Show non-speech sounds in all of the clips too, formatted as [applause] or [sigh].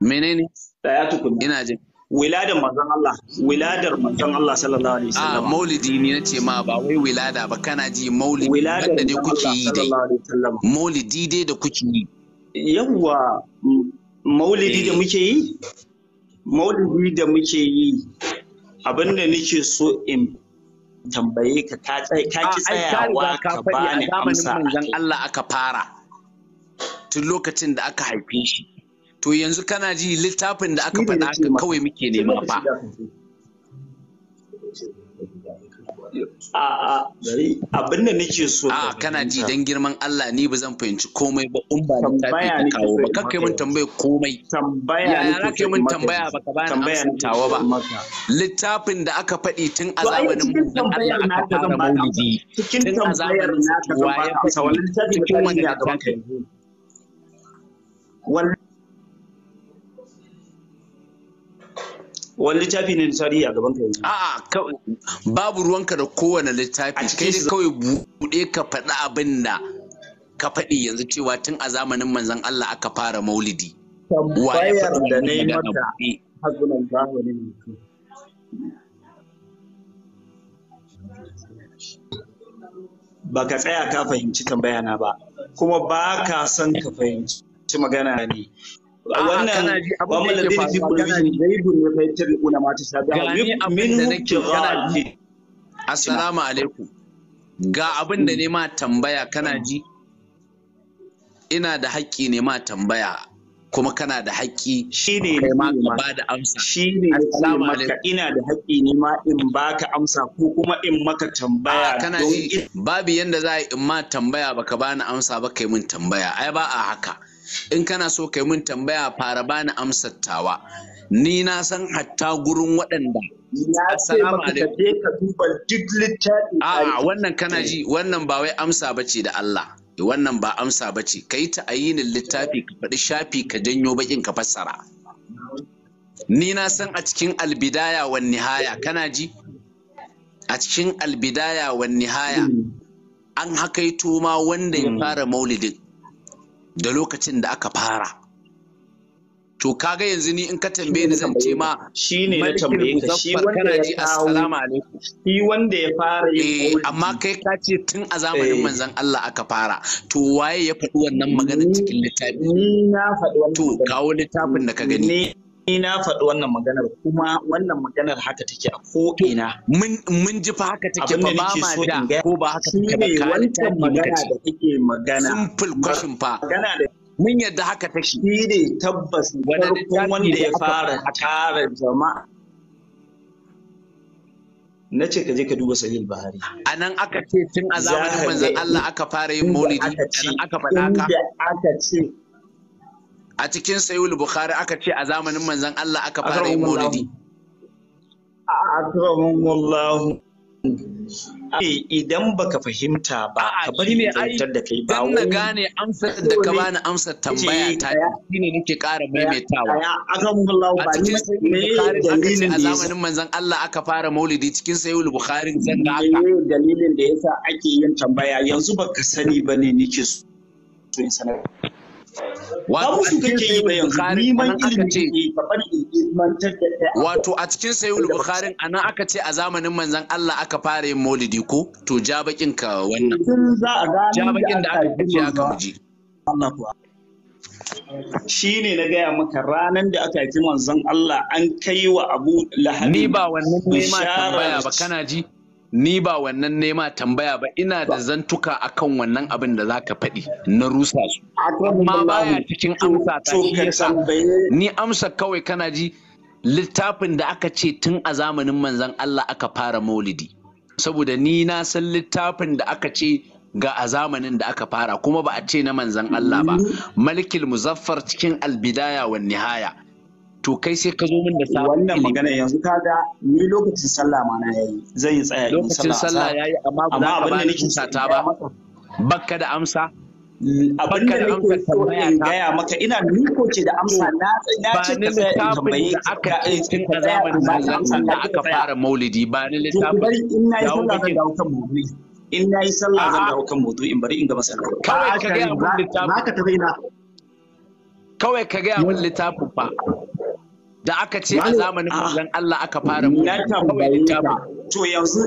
menene ya tukun ina jin wiladar manzon Allah wiladar manzon Allah sallallahu alaihi wasallam a ah, maulidi ne na ce ma ba wai wilada ba kana ji maulidi wanda ne kuke yi dai maulidi dai da kuke yi yawwa maulidi da muke yi maulidi da muke yi abinda nake so in tambaye ka ka ki ah, tsayawa ka bani amsa manzon Allah aka fara tun lokacin da aka haife shi to yanzu kana ji littafin da aka faɗa haka kawai muke nema fa abin da nake so a kana ji dan girman Allah ni ba zan fahimci komai ba in ba ta fi kawo ba kai mun tambaya komai tambaya ya rake mun tambaya ba ka bani tawa ba littafin da aka faɗi tun a zamanin mun Allah aka fara maulidi tun a zamanin sa ya faɗi cikin littafin da kai wani littafi ne tarihi a gaban ka yanzu a'a babu ruwanka da kowane littafi kai dai kawai bude ka faɗi abin da ka faɗi yanzu cewa tun a zamanin manzon Allah aka fara maulidi tambayar da na mata hazunan zamanin ba ka tsaya ka fahimci tambaya na ba kuma ba ka son ka fahimci magana ne wannan wa maladin fi kulli gaibun ya fayyatar ulama ta sabiha min ibtigha'i assalamu alaikum ga abin da ne ma tambaya kana ji ina da haƙƙi ne ma tambaya kuma kana da haƙƙi shine ne ma ka ba da amsa shine assalamu ina da haƙƙi ne ma in baka amsa ko kuma in maka tambaya kana ji babu yanda za a in ma tambaya baka bani amsa ba kai min tambaya ai ba a haka in kana so kai mun tambaya fara bani amsattawa ni na san hatta gurin waɗanda a wannan kana ji wannan ba wai amsa bace da Allah eh, wannan ba amsa bace kai ta ayinin littafi ka faɗi shafi ka janyo bakin ka fassara ni na san a cikin albidaya wan nihaya kana ji a cikin albidaya wan nihaya hmm. an hakaito ma wanda ya hmm. fara maulidin da lokacin da aka fara to kaga yanzu ni in ka tambaye ni zan ce ma ne na tambaye ka shi wanda ji assalamu alaikum shi wanda ya fara eh amma kai ka ce tun a zamanin eh. manzon Allah aka fara to waye ya faɗi wannan maganar cikin littafi ni na faɗi wannan to kawo littafin da ka gani ni na faɗi wannan maganar kuma wannan maganar haka take a ko ina mun ji fa haka take ba ba ma da ko ba haka take ba wannan magana da kake magana simple question fa magana da mun yadda haka take shi ne tabbas farkon wanda ya fara tara jama'a na ce ka je ka duba sahil bahari a nan aka ce tun a zamanin manzon Allah aka fara yin maulidi a nan aka faɗa ka aka ce a cikin sayul bukhari aka ce a zamanin manzon Allah aka fara yin maulidi akramallahu idan baka fahimta ba ka bari mai aiwatar da kai ba na gane amsar da ka bani amsar tambaya ta shine nake ƙara maimaitawa a cikin dalilin a zamanin manzon Allah aka fara maulidi cikin sayul bukhari zan da aka dalilin da yasa ake yin tambaya yanzu baka sani bane nake so in sanar Wato a cikin Bukhari neman Wato a cikin anan aka ce a zamanin manzon Allah aka fara yin Maulidi ko to ja bakin ka wannan. Ja bakin da aka fice aka wuji Shi ne na gaya maka ranar da aka yi manzon Allah an kai wa Abu Lahabi. Ni ba wannan ne ma tambaya ba kana ji. ni ba wannan nema tambaya ba ina da zantuka akan wannan abin da zaka faɗi na rusa su amma baya cikin amsa ta ni amsa kawai kana ji littafin da aka ce tun a zamanin manzon Allah aka fara maulidi saboda ni na san littafin da aka ce ga a zamanin da aka fara kuma ba a ce na manzan Allah ba mm-hmm. malikil muzaffar cikin albidaya wa nihaya to kai sai ka zo min da sabon wannan magana yanzu kaga ni lokacin sallah ma na yayi zan yi tsaya lokacin sallah yayi amma ba za ka nake sata ba bakka da amsa abin da nake so in gaya maka ina ko ce da amsa na na ce ka sai in tambaye aka yi cikin zamanin manzon da aka fara maulidi ba ni littafin bari in na yi sallah zan dawo kan maulidi in na yi sallah zan dawo kan maulidi in bari in gama sallah kawai ka ga abin littafin kawai ka ga abin littafin fa da aka ce a zamanin ah, manzon Allah aka fara mu ka to yanzu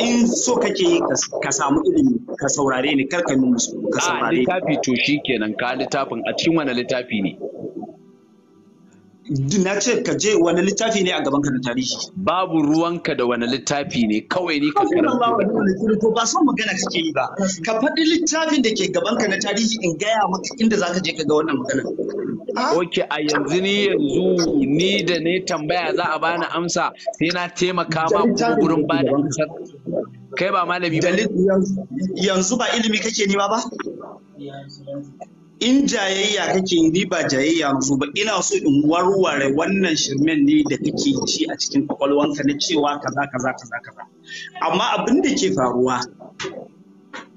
in so kake yi ka samu ilimi ka saurare ni kar ka musu ka ah, saurare ni littafi to shikenan ka littafin a cikin wani littafi ne na ce ka je wani littafi ne a gaban ka na tarihi babu ruwanka da wani littafi ne kawai ne ka karanta ba son magana kake yi ba ka faɗi littafin da ke gaban ka na tarihi in gaya maka inda zaka je ka ga wannan magana ah? Ok, a yanzu ni yanzu ni da ne tambaya za a bani amsa sai na taimaka ma gurin ba da amsar kai ba malami ba yanzu ba ilimi kake nema ba in jayayya kake yi ni ba jayayya musu ba ina so in warware wannan shirmen ne da kake ci a cikin kwakwalwanka na cewa kaza kaza kaza kaza amma abin da ke faruwa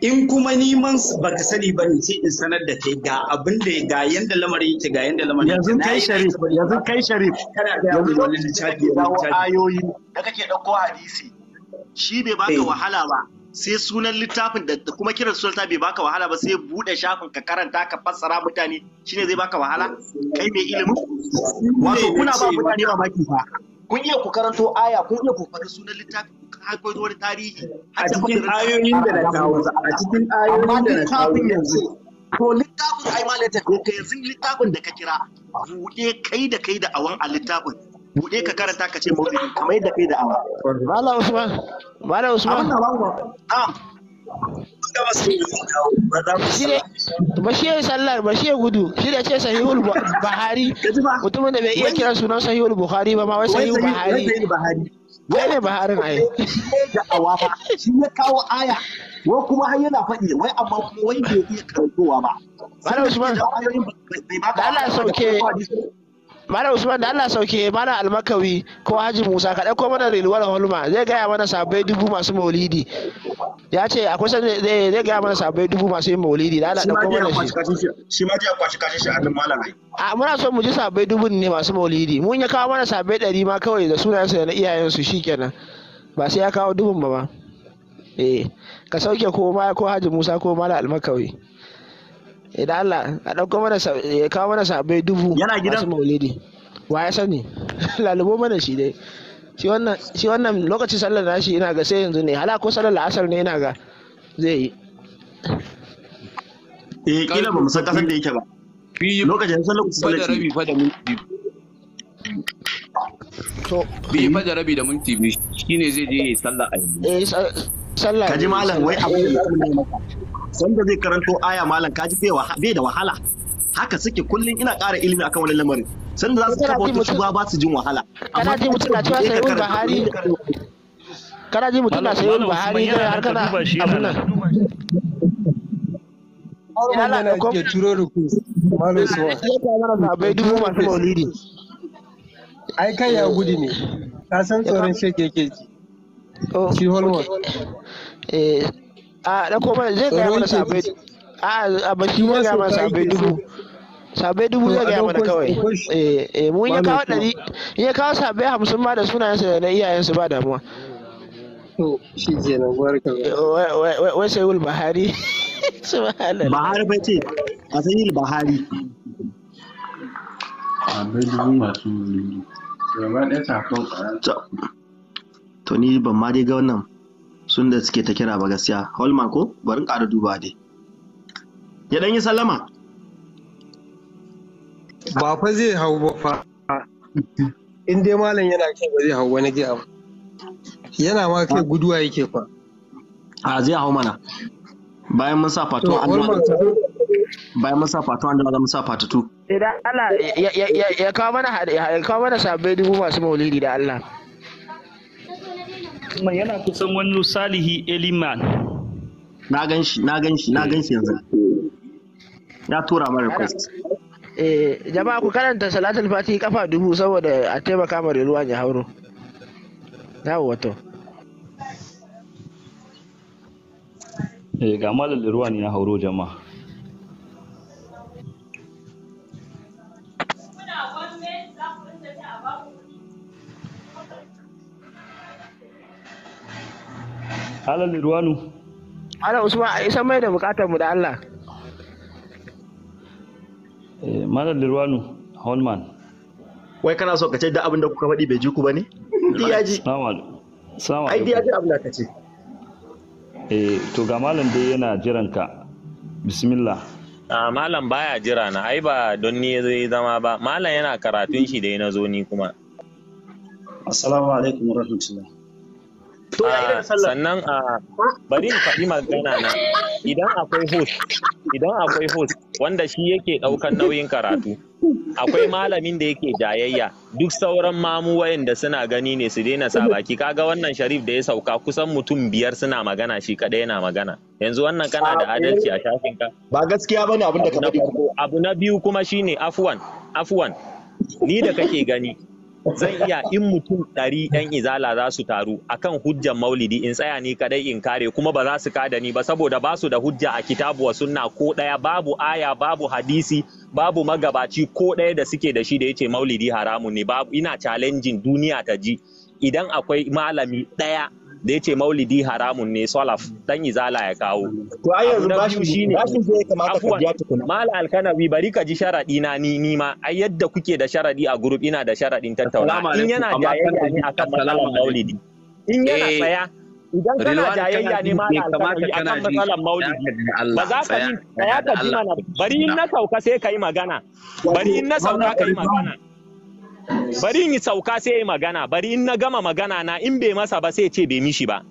in kuma neman ka sani ba ne sai in sanar da kai ga abin da ga yanda lamarin yake ga yanda lamarin yanzu kai sharif yanzu kai sharif kana da yanzu wani littafi ayoyi da kake dauko hadisi shi bai baka eh. wahala ba sai sunan littafin da kuma kiran sunan littafi baka wahala ba sai bude shafin ka karanta ka fassara mutane shine zai baka wahala kai mai ilimin wato kuna ba mutane maki fa kun iya ku karanto aya kun iya ku faɗi sunan littafin har haifar wani tarihi a cikin ayoyin da na kawo a cikin ayoyin da na kawo yanzu to littafin ai ma littafin yanzu littafin da ka kira bude kai da kai da awan a littafin buɗe ka karanta ka ce maulidi kamar yadda kai awa. malam usman malam usman bashi ya sallar Bashir ya gudu shi da ce sahihul buhari mutumin da bai iya kira sunan sahihul buhari ba ma wai sahihul buhari wai ne yi? ai da ba shi ya kawo aya wai kuma har yana faɗi wai amma kuma wai bai iya karantowa ba Bala usman da Allah sauke Malam Usman da Allah sauke mana Almakawi ko Haji Musa ka ɗauko mana Rilwar Holma zai gaya mana sabai dubu masu maulidi. Ya ce akwai san zai gaya mana sabai dubu masu yin maulidi da Allah ɗauko mana shi. Shi ma jiya kwashi kashi shi a nan malam A muna so mu ji sabai dubu ne masu maulidi mun ya kawo mana sabai ɗari ma kawai da sunayensu da na iyayensu shikenan ba sai ya kawo dubun ba ba. Eh ka sauke ko ma ko Haji Musa ko Malam Almakawi. idan Allah a ɗauko mana ya kawo mana sabai dubu yana gidan maulidi wa ya sani [laughs] lalubo mana shi dai shi wannan shi wannan lokacin sallar nashi ina ga sai yanzu ne hala ko sallar la'asar ne ina ga zai yi eh kila ba musan san kasar da yake ba lokacin sallar kusa da rabi fa da minti to bi fa da rabi da minti biyu shine zai je sallar a yanzu eh sallar kaji malam wai abu da sanda zai karanto aya malam kaji bai da wahala haka suke kullum ina ƙara ilimi akan wani lamarin sanda za su kafa wata shugaba ba su jin wahala amma ji mutum na cewa kana ji mutum na sayyid buhari da har kana abin a da mana zai gaya mana sabai a ba shi zai gaya mana sabai dubu sabai dubu zai gaya mana kawai eh eh mun ya kawo ɗari ya kawo sabai hamsin ma da sunayen sa da na su ba damuwa shi ke nan barka eh, wai sai wul bahari bahari ba ce a sanyi bahari to ni ban ma dai ga wannan sun da suke ta kira ba gaskiya holman ko barin ƙara duba dai ya ɗan yi sallama ba fa zai hau ba fa in dai malam yana kai ba zai hau wani ji abu yana ma kai guduwa yake fa a zai hau mana bayan mun sa fatuwa an bayan mun sa fatuwa an da mun sa fatatu idan Allah ya kawo mana ya kawo mana sabbai dubu masu maulidi da Allah kuma yana kusan wani salihi eliman na gan shi na gan shi na gan shi yanzu ya tura mara request eh jama'a ku karanta salatul fatihi kafa dubu saboda a taimaka ma ruwan ya hauro dawo wato eh ga malam ruwan ya hauro jama'a Alan Lirwanu. Malam Usman a isan mai da bukatar mu da Allah. Eh, malam Lirwanu Holman. Wai kana so ka ce da abin da kuka faɗi bai ji ku ba ne? Iya ji. Salamu Ai diyaji abin da ka ce. Eh to ga malam dai yana jiran ka. Bismillah. a malam baya jira na ai ba don ni zai zama ba malam yana karatun shi da na zo ni kuma assalamu alaikum warahmatullahi to ya irin ah, sannan a ah, bari in faɗi magana na idan akwai host idan akwai host wanda shi yake ɗaukar nauyin karatu akwai malamin da yake jayayya duk sauran mamu da suna gani ne su daina sa baki kaga wannan sharif da ya sauka kusan mutum biyar suna magana shi kadai yana magana yanzu wannan kana da ah, eh. adalci a shafin ka ba gaskiya bane abin da ka faɗi abu na biyu kuma shine afwan afwan ni da kake gani zan iya in mutum ɗari ɗan izala za su taru a kan hujjan maulidi in tsaya ni kaɗai in kare kuma ba za su kada ni ba saboda ba su da hujja a kitabu wa sunna ko ɗaya babu aya babu hadisi babu magabaci ko ɗaya da suke da shi da yace maulidi haramun ne babu ina challenging duniya ta ji idan akwai malami ɗaya da yace maulidi haramun ne salaf dan izala ya kawo to ai yanzu bashi shine bashi da ya kamata ka biya tukuna mala alkanawi bari ka ji sharadi na ni ni ma ai yadda kuke da sharadi a group ina da sharadin tattauna in yana jayayya ne akan matsalar maulidi in yana eh, tsaya idan kana jayayya ne ma da alkanawi akan matsalar maulidi ba za ka yi ka ji mana bari in na sauka sai ka yi magana bari in na sauka ka yi magana bari in sauka sai yi magana bari in na gama magana na in bai masa ba sai ce bai mishi ba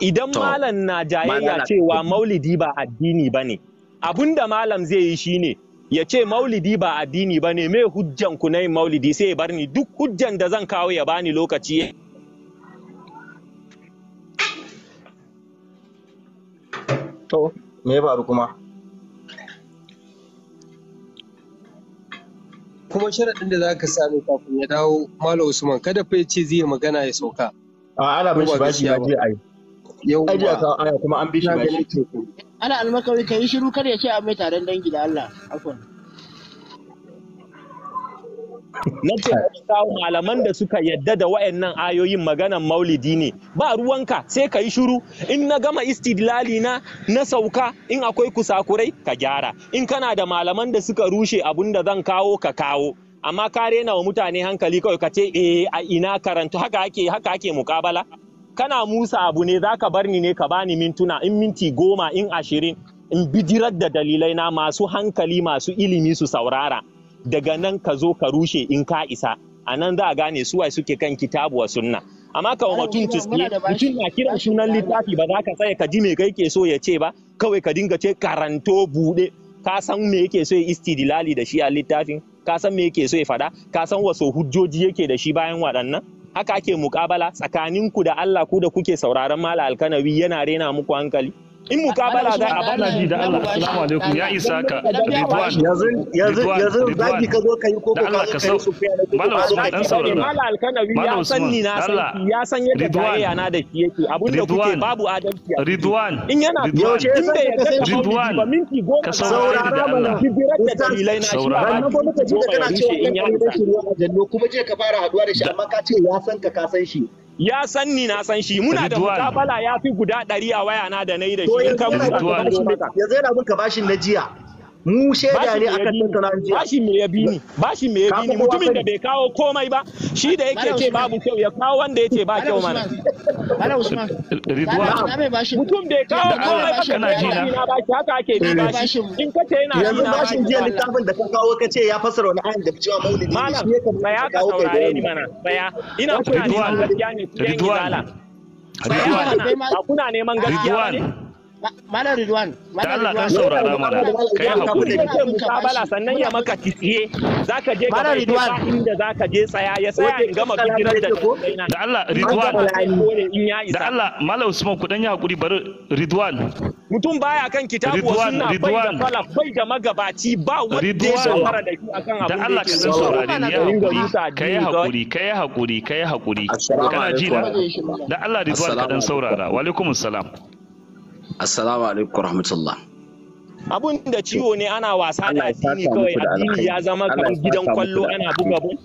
idan malam na jayayya cewa maulidi ba addini ba ne abun da malam zai yi shine ya ce maulidi ba addini ba ne mai hujjan ku na yin maulidi sai ya bar duk hujjan da zan kawo ya bani lokaci to me faru kuma kuma sharaɗin da za ka sami kafin ya dawo Malam Usman kada fa ya ce zai yi magana ya sauka. A ana bin shi bashi ya je a yi. Yau ba. Aya kuma an bi shi bashi. Ana almakawi ka yi shiru kar ya ce a mai taron dangi da Allah. Afwan. na ce kawo malaman da suka yadda da wa'annan ayoyin maganan maulidi ne ba ruwanka sai ka yi shuru in na gama istidlali na na sauka in akwai kusakurai ka gyara in kana da malaman da suka rushe abun da zan kawo ka kawo amma ka rena wa mutane hankali kawai ka ce eh a ina karantu haka ake haka ake mukabala kana musa abu ne zaka bar ni ne ka bani mintuna in minti goma in ashirin in bidirar da dalilai na masu hankali masu ilimi su saurara daga nan ka zo ka rushe in ka isa a nan za a gane suwa suke kan kitabu wa sunna amma ka wa mutum tuske mutum na kiran sunan littafi ba za ka tsaya ka ji me kai ke so ya ce ba kawai ka dinga ce karanto bude ka san me yake so ya dilali da shi a littafin ka san me yake so ya fada ka san wasu hujjoji yake da shi bayan waɗannan haka ake mukabala tsakaninku da Allah ku da kuke sauraron mala alkanawi yana rena muku hankali in mukabala da a bana ji da Allah assalamu alaikum ya isa ka Ridwan yanzu yanzu zaki ka zo ka yi koko ka su malam Usman dan saurara malam Alkanawi ya sanni na san ya san yadda na da ki yake da kuke babu adalci Ridwan in yana yaushe in da ya san Ridwan ka saurara da Allah dalilai na shi ba na kana cewa in ya san kuma je ka fara haduwa da shi amma ka ce ya san ka ka san shi ya san ni na san shi muna da mukabala ya fi guda ɗari a waya na da na yi da shi in ka mu ka bashin na jiya mu shaida ne bashi me ya bini bashi me ya mutumin da bai kawo komai ba shi da yake ce babu kyau ya kawo wanda yake ba kyau mana Usman mutum da ya kawo komai ba kana ji na ba shi haka ake bi shi in ka ce yana ji na shi jiya littafin da ka kawo ce ya fasara wani ayin da cewa maulidi shi ya kamata ya kawo ni mana baya ina kuna neman gaskiya ne ridwan ridwan neman gaskiya ne Malam Ridwan, Malam Ridwan. saurara mana. Kai hakuri. kabala sannan ya maka Za ka je ga Ridwan inda ka je tsaya ya tsaya in gama bikirar da da Allah Ridwan. Da Allah Malam Usman ku dan ya hakuri bari Ridwan. Mutum baya kan kitabu sunna bai da fala bai da magabaci ba wanda ya da akan da Allah ka san saurare ni kai hakuri kai hakuri kai hakuri kana ji da Allah Ridwan ka dan saurara wa alaikumus salam Assalamu alaikum rahmatullah. Abun da ciwo ne ana wasa da addini kawai addini ya zama kamar gidan kwallo ana buga bun.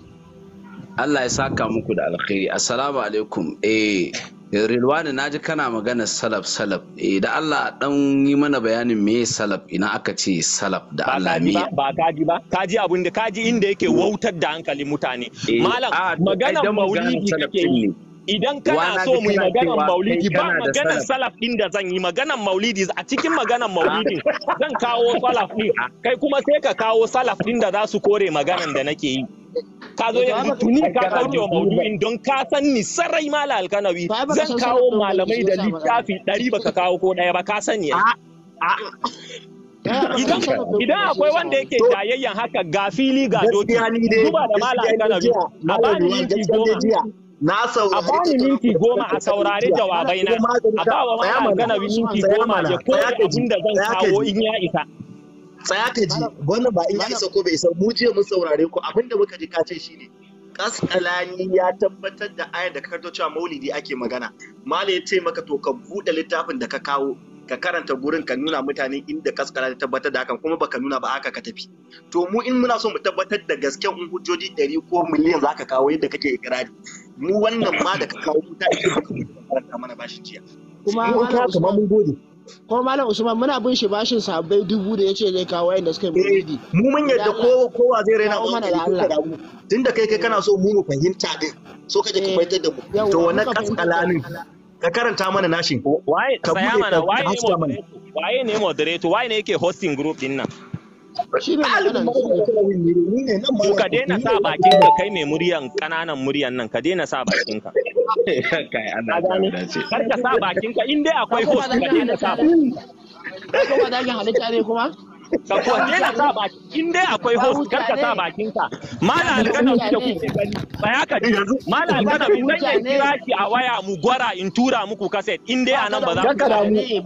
Allah ya saka muku da alkhairi. Assalamu alaikum. Eh Rilwani naji kana magana salaf salaf. Eh da Allah dan yi mana bayanin me salaf ina aka ce salaf da Allah ne. Ba kaji ba. Kaji abun da kaji inda yake mm. wautar da hankalin mutane. Eh, Malam magana maulidi kake yi. idan kana so mu yi maganan maulidi ba maganan salaf din da zan yi maganan maulidi a cikin maganan maulidi zan kawo salaf din kai kuma sai ka kawo salaf din da za su kore maganan da nake yi ka zo ya tuni ka kauce wa maudu'in don ka san ni sarai mala alkanawi zan kawo malamai da littafi ɗari baka kawo ko ɗaya ba ka sani idan akwai wanda yake jayayyan haka ga fili ga doki duba da mala alkanawi a bani minti goma na saurari a bani minti goma a saurari jawabai na a ba wa mana gana minti goma da ko abin da zan kawo in ya isa tsaya ka ji wannan ba in ya isa ko bai isa mu je mun saurare ku abin da muka ji ka ce shine kaskalani ya tabbatar da ayar da ka karto cewa maulidi ake magana mala ya ce maka to ka buɗe littafin da ka kawo ka karanta gurin ka nuna mutane inda kaskara ta tabbatar da hakan kuma baka nuna ba haka ka tafi to mu in muna so mu tabbatar da gasken in hujjoji ɗari ko miliyan zaka kawo yadda kake ikirari mu wannan ma da ka kawo mutane karanta mana bashin jiya kuma mun gode ko malam usman muna bin shi bashin sabbai dubu da yace zai kawo yanda suka yi eh, mu mun yadda ko kowa zai raina mu da Allah tunda kai kai kana so mu mu fahimta din so kaje ka eh, fahimtar da mu to wannan kaskalanin ka karanta mana nashi. waye ne moderator waye ne waye ne yake hosting group din nan ka daina sa bakin ka kai mai muryan kananan muryan nan ka daina sa bakin [laughs] ka kar ka sa bakin ka in dai akwai host ka dena sa bakin ka kuma dagin halitta ne kuma ka kwanne na sa bakin? in dai akwai host kar ka sa bakin ka mala alkana su da kuke gani ya ka yanzu mala alkana mu zan yi kira ki a waya mu gwara in tura muku kaset in dai anan ba za ku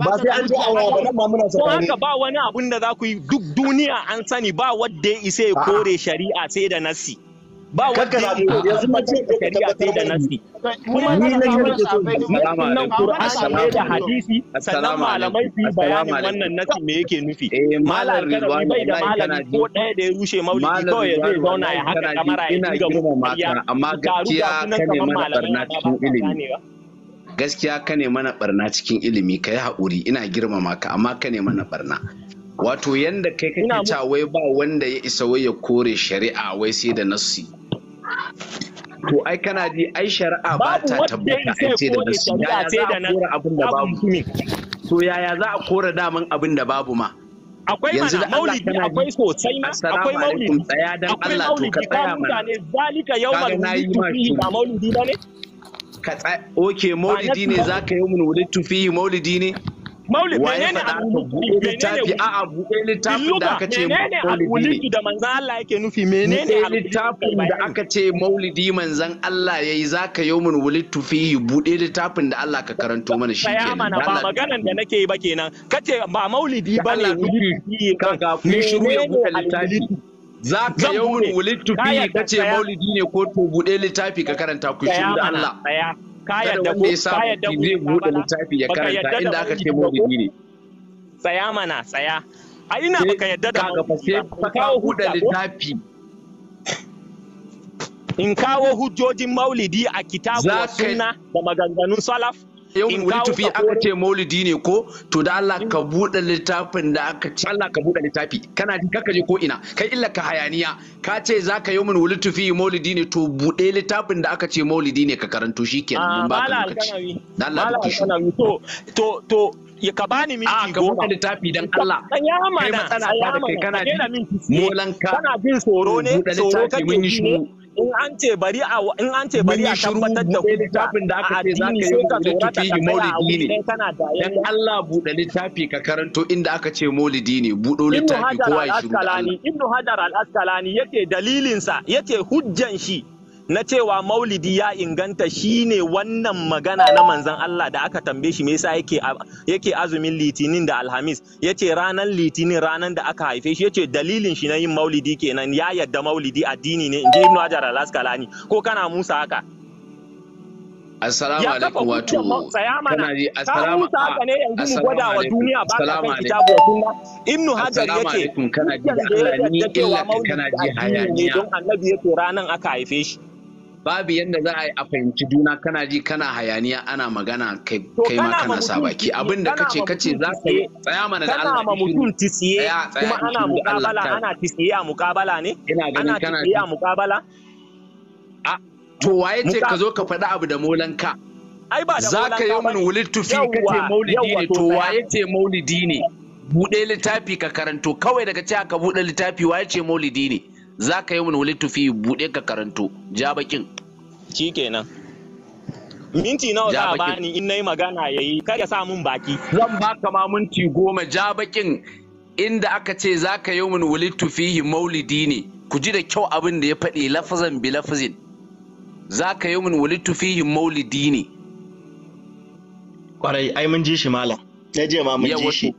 ba sai an ji a waya ba nan ma muna sakani haka ba wani abun da za ku yi duk duniya an sani ba wanda ya isa kore shari'a sai da nasi ba wanda yanzu shari'a da nasi kuma ni na nan da hadisi sannan malamai su bayanin wannan nasi me yake nufi eh, malam ridwan bai da malami ko ɗaya da ya rushe maulidi ya gaskiya ka ne mana barna cikin ilimi gaskiya ka ne mana barna cikin ilimi ka yi haƙuri ina girmama ka amma ka ne mana barna wato yanda kai kake cewa wai ba wanda ya isa wai ya kore shari'a wai sai da nassi to ai kana ji ai shari'a ba ta tabbata ai sai da nassi ya za a kore abin da babu to yaya za a kore daman abin da babu ma akwai mana maulidi akwai sosai ma akwai maulidi tsaya dan Allah to ka tsaya mana zalika yawmal maulidi ba maulidi ne ka tsaya okay maulidi ne zaka yi mun wurin tufi maulidi ne maulid menene littafi a a buɗe littafin da aka ce maulidi da manzan Allah yake nufi menene littafin da aka ce maulidi manzan Allah yayi zaka yawmun wulidtu fihi buɗe littafin da Allah ka karanto mana shi kenan ba maganan da nake yi ba kenan kace ba maulidi bane wulidtu kaga mun shiru ya buɗe littafi za ka yawmun wulidtu fihi kace maulidi ne ko to buɗe littafi ka karanta ku shiru da Allah ka yadda ko ka yadda ko zai bude littafi ya karanta inda aka ce maulidi ne tsaya mana tsaya a ina baka yadda da maulidi ba kawo littafi in kawo hujjojin maulidi a kitabu sunna da maganganun salaf yawmin wulitufi aka ce maulidi ne ko to da Allah ka mm. buɗe littafin da aka ce Allah ka buɗe littafi kana ji kaka je ko ina kai illa ka hayaniya ka ce zaka yawmin wulitufi maulidi ne to buɗe littafin da aka ce maulidi ne ka karanto shi shikenan mun ah, ba ka lokaci da Allah ka shi to to to ya ka bani minti goma ah, ka buɗe littafi dan Allah kai mana ya kai, kana ji molanka kana jin tsoro ne tsoro kake mun in an ce bari a in an ce bari a tabbatar da kuɗi littafin da aka ce za ka yi littafi maulidi ne dan Allah buɗe littafi ka karanto inda aka ce maulidi ne littafi kowa ya shiru hajar al-asqalani yake dalilin sa yace hujjan shi na cewa maulidi ya inganta shine wannan magana na manzan Allah da aka tambaye shi me yasa yake azumin litinin da alhamis Ya ce ranar litinin ranar da aka haife shi ce dalilin shi na yin maulidi kenan ya yadda maulidi addini ne inji Ibn Hajar al-Asqalani ko kana Musa haka Assalamu alaikum wato kana ji assalamu haka ne yanzu mu gwada wa duniya ba ka kan kitabu wa sunna Ibn Hajar yace kana ji Allah illa kana ji hayaniya don annabi yake ranan aka haife shi babu yadda za a yi a fahimci juna kana ji kana hayaniya ana magana kai ma kana sa baki abin da kace kace za ka yi tsaya mana da Allah kana mutum tisiye eh? kuma ana mukabala ana tisiye eh, a mukabala ne ana tisiye eh, a mukabala a to waye ce ka zo ka faɗi abu da ka ai ba da molanka zaka yi mun wulittu fi kace maulidi ne to waye ce maulidi ne Bude littafi ka karanto kawai daga cewa ka bude littafi waye ce maulidi ne za ka yi mun wulittu fi bude ka karanto ja bakin shikenan minti nawa za a bani in nayi magana yayi kar ya sa mun baki zan baka ma minti goma ja bakin inda aka ce za ka min wulittu fihi maulidi ne ku ji da kyau abin da ya faɗi lafazan bi lafazin za ka min wulittu fihi maulidi ne kwarai ai mun ji shi malam na je ma mun ji shi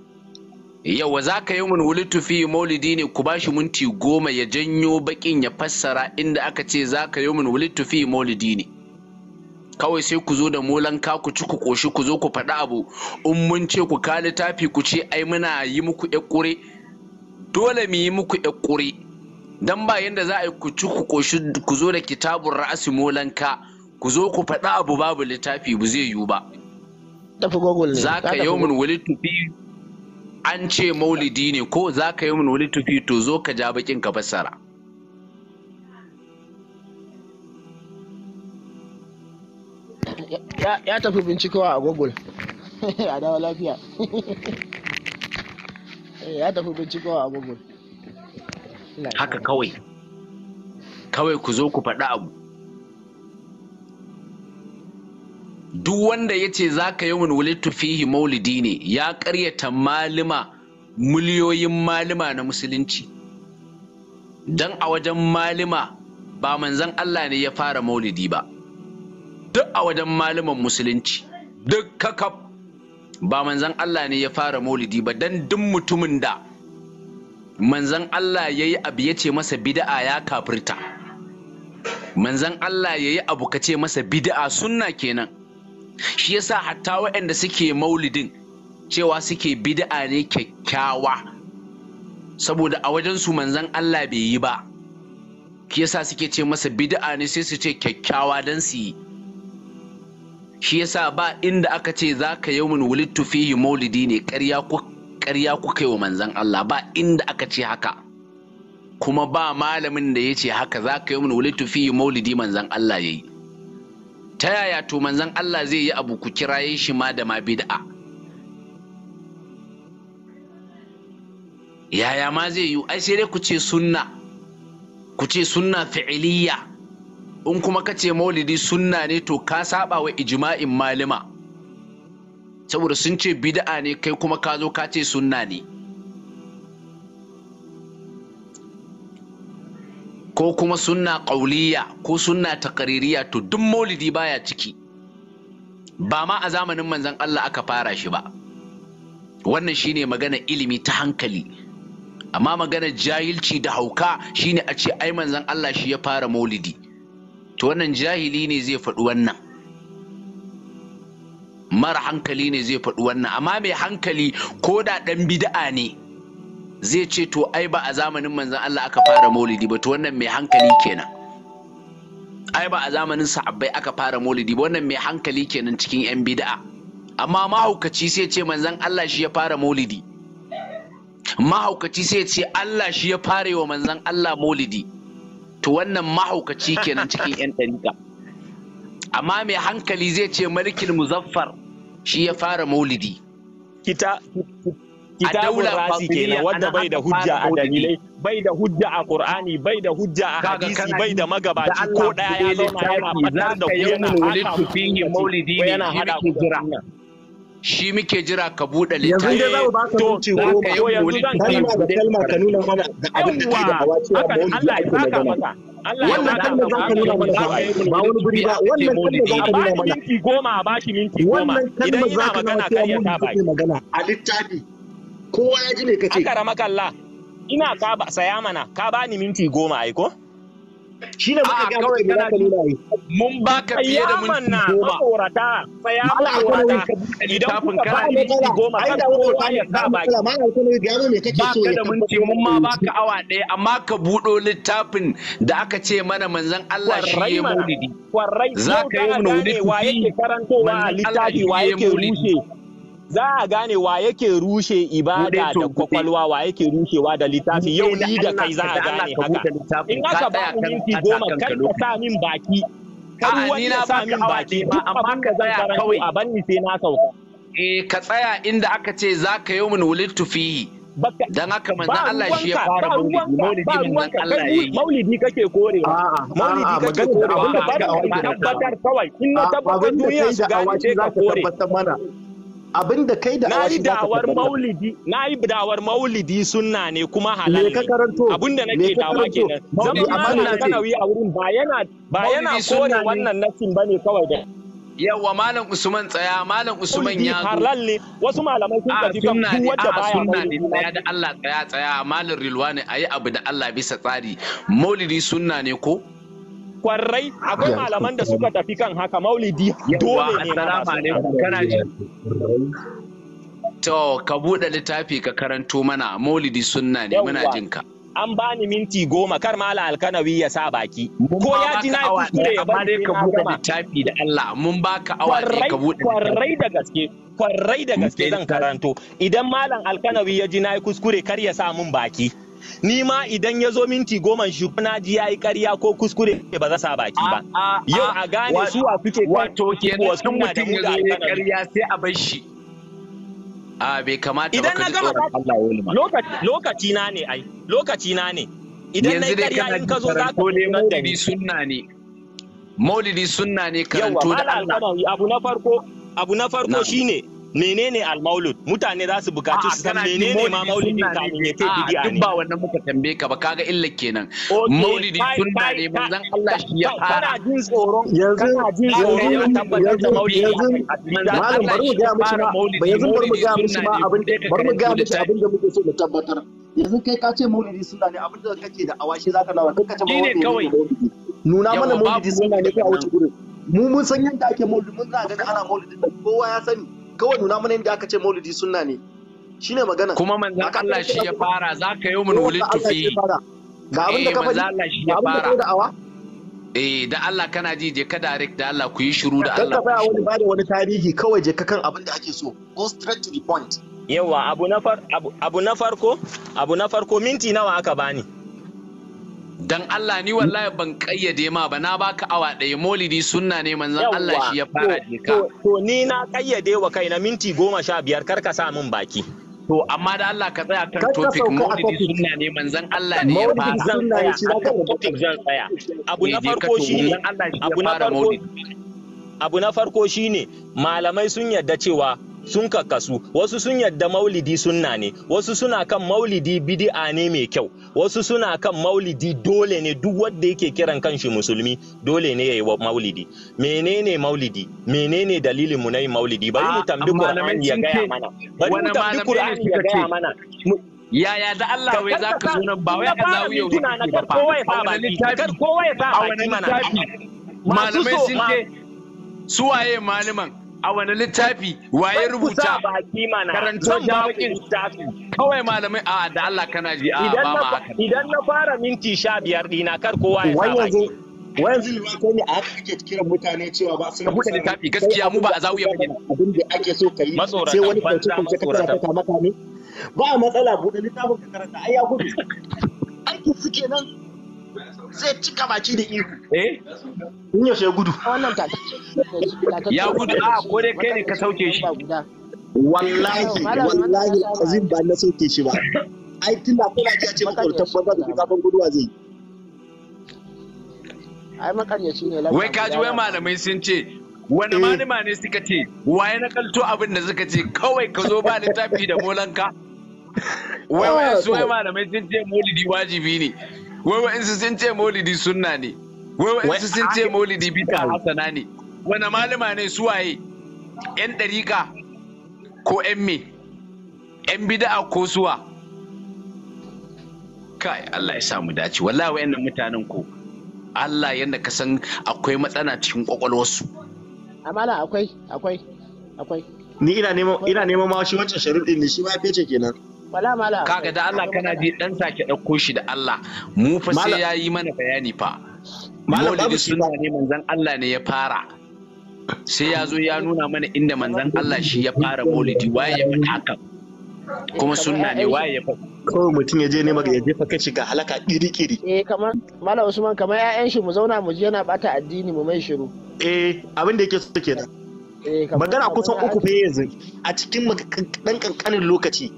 yawa za ka yi mun wulitu fi maulidi ne ku bashi minti goma ya janyo bakin ya fassara inda aka ce za ka yi mun wulitu fi maulidi ne kawai sai ku zo da ka ku ci ku koshi ku zo ku faɗi abu in mun ce ku ka littafi ku ce ai muna yi muku ƙure dole mu yi muku ƙure dan ba yanda za a yi ku ci ku koshi ku zo da kitabun ra'asi ka ku zo ku faɗi abu babu littafi ba zai yiwu ba. Tafi Google ne. Za ka yi mun wulitu fi an ce maulidi ne ko za ka yi wani tufi to zo ka ja bakin ka fassara ya tafi bincikawa a google [laughs] a dawa lafiya eh, ya tafi bincikawa a google haka kawai kawai ku zo ku faɗi abu duk wanda ya ce za ka yawon wulittu fihi maulidi ne ya karyata malima miliyoyin malima na musulunci don a wajen malima ba manzan Allah ne ya fara maulidi ba duk a wajen maliman musulunci duk kakaf ba manzan Allah ne ya fara maulidi ba don duk mutumin da manzan Allah ya yi abu ya ce masa bida'a ya kafirta manzan Allah ya yi abu ka ce masa bida'a sunna kenan shi yasa hatta waɗanda suke maulidin cewa suke bid'a ne kyakkyawa saboda a wajen su manzan Allah bai yi ba shi yasa suke ce masa bid'a ne sai su ce kyakkyawa don su yi shi yasa ba inda aka ce za ka yawmin wulittu fihi maulidi ne ƙarya ku kai wa manzan Allah ba inda aka ce haka kuma ba malamin da ya ce haka za ka yawmin wulittu fihi maulidi manzon Allah ya yi? ta yaya to manzon Allah zai yi abu ku kiraye shi ma da ma bid'a yaya ma zai yi ai sai dai ku ce sunna ku ce sunna fi'iliya in kuma ka ce maulidi sunna ne to ka saba wa ijma'in malima saboda sun ce bid'a ne kai kuma ka zo ka ce sunna ne ko kuma sunna ƙauliya ko sunna taƙaririya to duk maulidi baya ciki ba ma a zamanin manzan Allah aka fara shi ba wannan shine magana ilimi ta hankali amma magana jahilci da hauka shine a ce ai manzan Allah shi ya fara maulidi to wannan jahili ne zai faɗi wannan mara hankali ne zai faɗi wannan amma mai hankali ko da ɗan bid'a ne zai ce to ai ba a zamanin manzan Allah aka fara maulidi ba to wannan mai hankali kenan ai ba a zamanin sahabbai aka fara maulidi ba wannan mai hankali kenan cikin yan bid'a amma mahaukaci sai ce manzan Allah shi ya fara maulidi mahaukaci sai ce Allah shi ya fara wa manzan Allah maulidi to wannan mahaukaci kenan cikin yan dariƙa amma mai hankali zai ce malikin muzaffar shi ya fara maulidi kita kitabun rasi kenan wadda bai da hujja a dalilai bai da hujja a qur'ani bai da hujja a hadisi bai da magabaci ko daya ya zauna yana fatar da ku yana hada fihi maulidi ne yana hada ku jira shi muke jira ka buɗe littafi to za mu baka minti ko yanzu zan kalma da kalma ka nuna mana da abin da kai da hawa cewa maulidi ake magana wannan kan da zaka nuna mana ba wani guri ba wannan kan da zaka nuna mana minti goma ba baki minti goma idan ina magana kariya ta ba a littafi kowa ya ji me kace akara makalla ina ka ba saya mana ka ni minti goma ai shi ne muka ga kawai kana mun baka fiye da minti goma korata saya mana idan kuka ba ni minti goma ai da wani ya ka baki ka kuma mu me kake so da minti mun ma ka awa ɗaya amma ka buɗo littafin da aka ce mana manzon Allah shi ya maulidi za ka yi maulidi wa yake karantowa littafi wa yake rushe za a gane wa yake rushe ibada da kwakwalwa wa yake rushewa da littafi yau ni da kai za a gane haka in aka ba mu minti goma kar ka sa min baki kar wani ya sa min baki duk amma da zan karanta a banni sai na sauka eh ka tsaya inda aka ce za ka yi min wulittu fihi dan haka manzon Allah shi ya fara maulidi maulidi manzon Allah yayi maulidi kake korewa maulidi kake korewa abinda ba ka tabbatar kawai in na tabbatar duniya shiga wace ka kore abinda kai da na da ka maulidi na yi dawar maulidi sunna ne kuma halal ne abinda da nake dawa kenan zaman malam kanawi a wurin ba yana ba yana kore wannan nasin bane kawai da yawa malam usman tsaya malam usman ya zo halal ne wasu malamai sun tafi kan duk wanda baya sunna ne tsaya da Allah tsaya tsaya malam rilwani ayi abu da Allah bisa tsari maulidi sunna ne ko kwarai akwai malaman da suka tafi kan haka maulidi dole ne assalamu alaikum kana ji to ka bude littafi ka karanto mana maulidi sunna ne muna jin ka an bani minti goma kar mala alkanawi ya sa baki ko ya ji na kuskure ya bani ka bude littafi da Allah mun baka awa ne ka bude kwarai da gaske kwarai da gaske zan karanto idan malam alkanawi ya ji na kuskure kar ya sa mun baki ni ma idan ya zo minti goma shi kuna ji ya yi karya ko kuskure ba za sa baki ba yau a gane su a kuke wato kenan sun mutum ya zo ya karya sai a bar shi a bai kamata idan na gama lokaci na ne ai lokaci na ne idan na karya in ka zo za ka nemo da ni sunna ne maulidi sunna ne karanto da Allah abu na farko abu na farko shine menene al mutane za su bukaci su san menene ma maulidi kamin ya ke bid'a ne ba wannan muka tambaye ka ba kaga illa kenan maulidi da ne manzon Allah shi ya fara kana jin yanzu kana jin tsoron ya tabbatar da maulidi malam bari mu ga musu ma yanzu bari mu ga musu ma abin bari mu ga musu abin da muke so mu tabbatar yanzu kai ka ce maulidi sunna ne abin da kake da awashi zaka nawa kanka ce maulidi nuna mana maulidi sunna ne kai a wuce gurin mu mun san yadda ake maulidi mun za ga ana maulidi kowa ya sani kawai nuna mana inda aka ce maulidi sunna ne shine magana kuma manzan Allah shi ya fara za ka yi mun wuli tufi? ga abin da eh, ka faɗi Allah shi ya fara eh da Allah kana ji je ka direct da Allah ku yi shiru da Allah ka wani ba da wani tarihi kawai je ka kan abin da ake so go straight to the point yawa abu na farko abu na farko minti nawa aka bani dan Allah ni wallahi ban kayyade ma ba na baka awa ɗaya molidi sunna ne manzon Allah shi ya fara jika to ni na kayyade wa kaina minti goma sha biyar kar ka sa min baki to amma da Allah ka tsaya kan topic molidi sunna ne manzon Allah ne ya fara zan tsaya kan topic zan tsaya abu na farko shi abu na farko abu na farko shine malamai sun yarda cewa sun kakkasu wasu sun yadda maulidi sunna ne wasu suna kan maulidi bid'a ne mai kyau wasu suna kan maulidi dole ne duk wanda yake kiran kanshi musulmi dole ne yayi maulidi menene maulidi menene dalilin mu na yin maulidi bari mu ah, tambi qur'ani ya gaya mana bari mu tambi qur'ani ya gaya mana yaya da Allah wai za ka sunan ba wai Allah wai ba kowa ya ba baki kar kowa ya sa baki mana malamai sun ce suwaye maliman a wani littafi waye rubuta karantar littafi kawai malamai a da Allah kana ji a ba ma haka idan na fara minti sha biyar dina kar kowa ya sa baki wayan zai ba kai ne a haka kake kira mutane cewa ba su rubuta littafi gaskiya mu ba a zawiya bane abin da ake so ka yi sai wani kwanci kwanci ka karanta maka ne ba matsala buɗe littafin ka karanta ai ya gudu aiki suke nan zai cika baki da ihu eh in yaushe ya gudu wannan ta ya gudu a ah, ko dai kai ne ka sauke shi wallahi wallahi azim ba na sauke shi ba ai tunda da kuna ji a ce makwabtan banza da kafin guduwa zai ai makaryaci ne wai kaji wai malamai sun ce wani eh. malama ne suka ce waye na kalto abin da suka ce kawai ka zo ba littafi da molanka [laughs] wai wai su oh. wai malamai sun ce molidi wajibi ne wai insu sun ce maulidi sunna ne wai insu sun ce maulidi bita hasana ne wani malama ne suwaye yan ɗarika ko yan me yan bid'a ko suwa kai Allah ya samu dace wallahi wayannan mutanen ko Allah yadda ka san akwai matsana cikin kwakwalwarsu amana akwai akwai akwai ni ina neman ina neman ma shi wancan sharuɗin ne shi ma ya fece kenan wala mala kaga da Allah kana ji dan sake dauko shi da Allah mu fa sai yayi mana bayani fa maulidi sunna ne manzon Allah ne ya fara sai ya zo ya nuna mana inda manzon Allah shi ya fara maulidi waye ya faɗa haka kuma sunna ne waye ya faɗa kawai mutum ya je ne ya jefa kashi ga halaka kiri-kiri eh kamar Malam usman kamar ya'yan shi mu zauna mu ji yana bata addini mu mai shiru eh abin da yake so kenan eh, magana kusan uku fa yanzu a cikin dan kankanin lokaci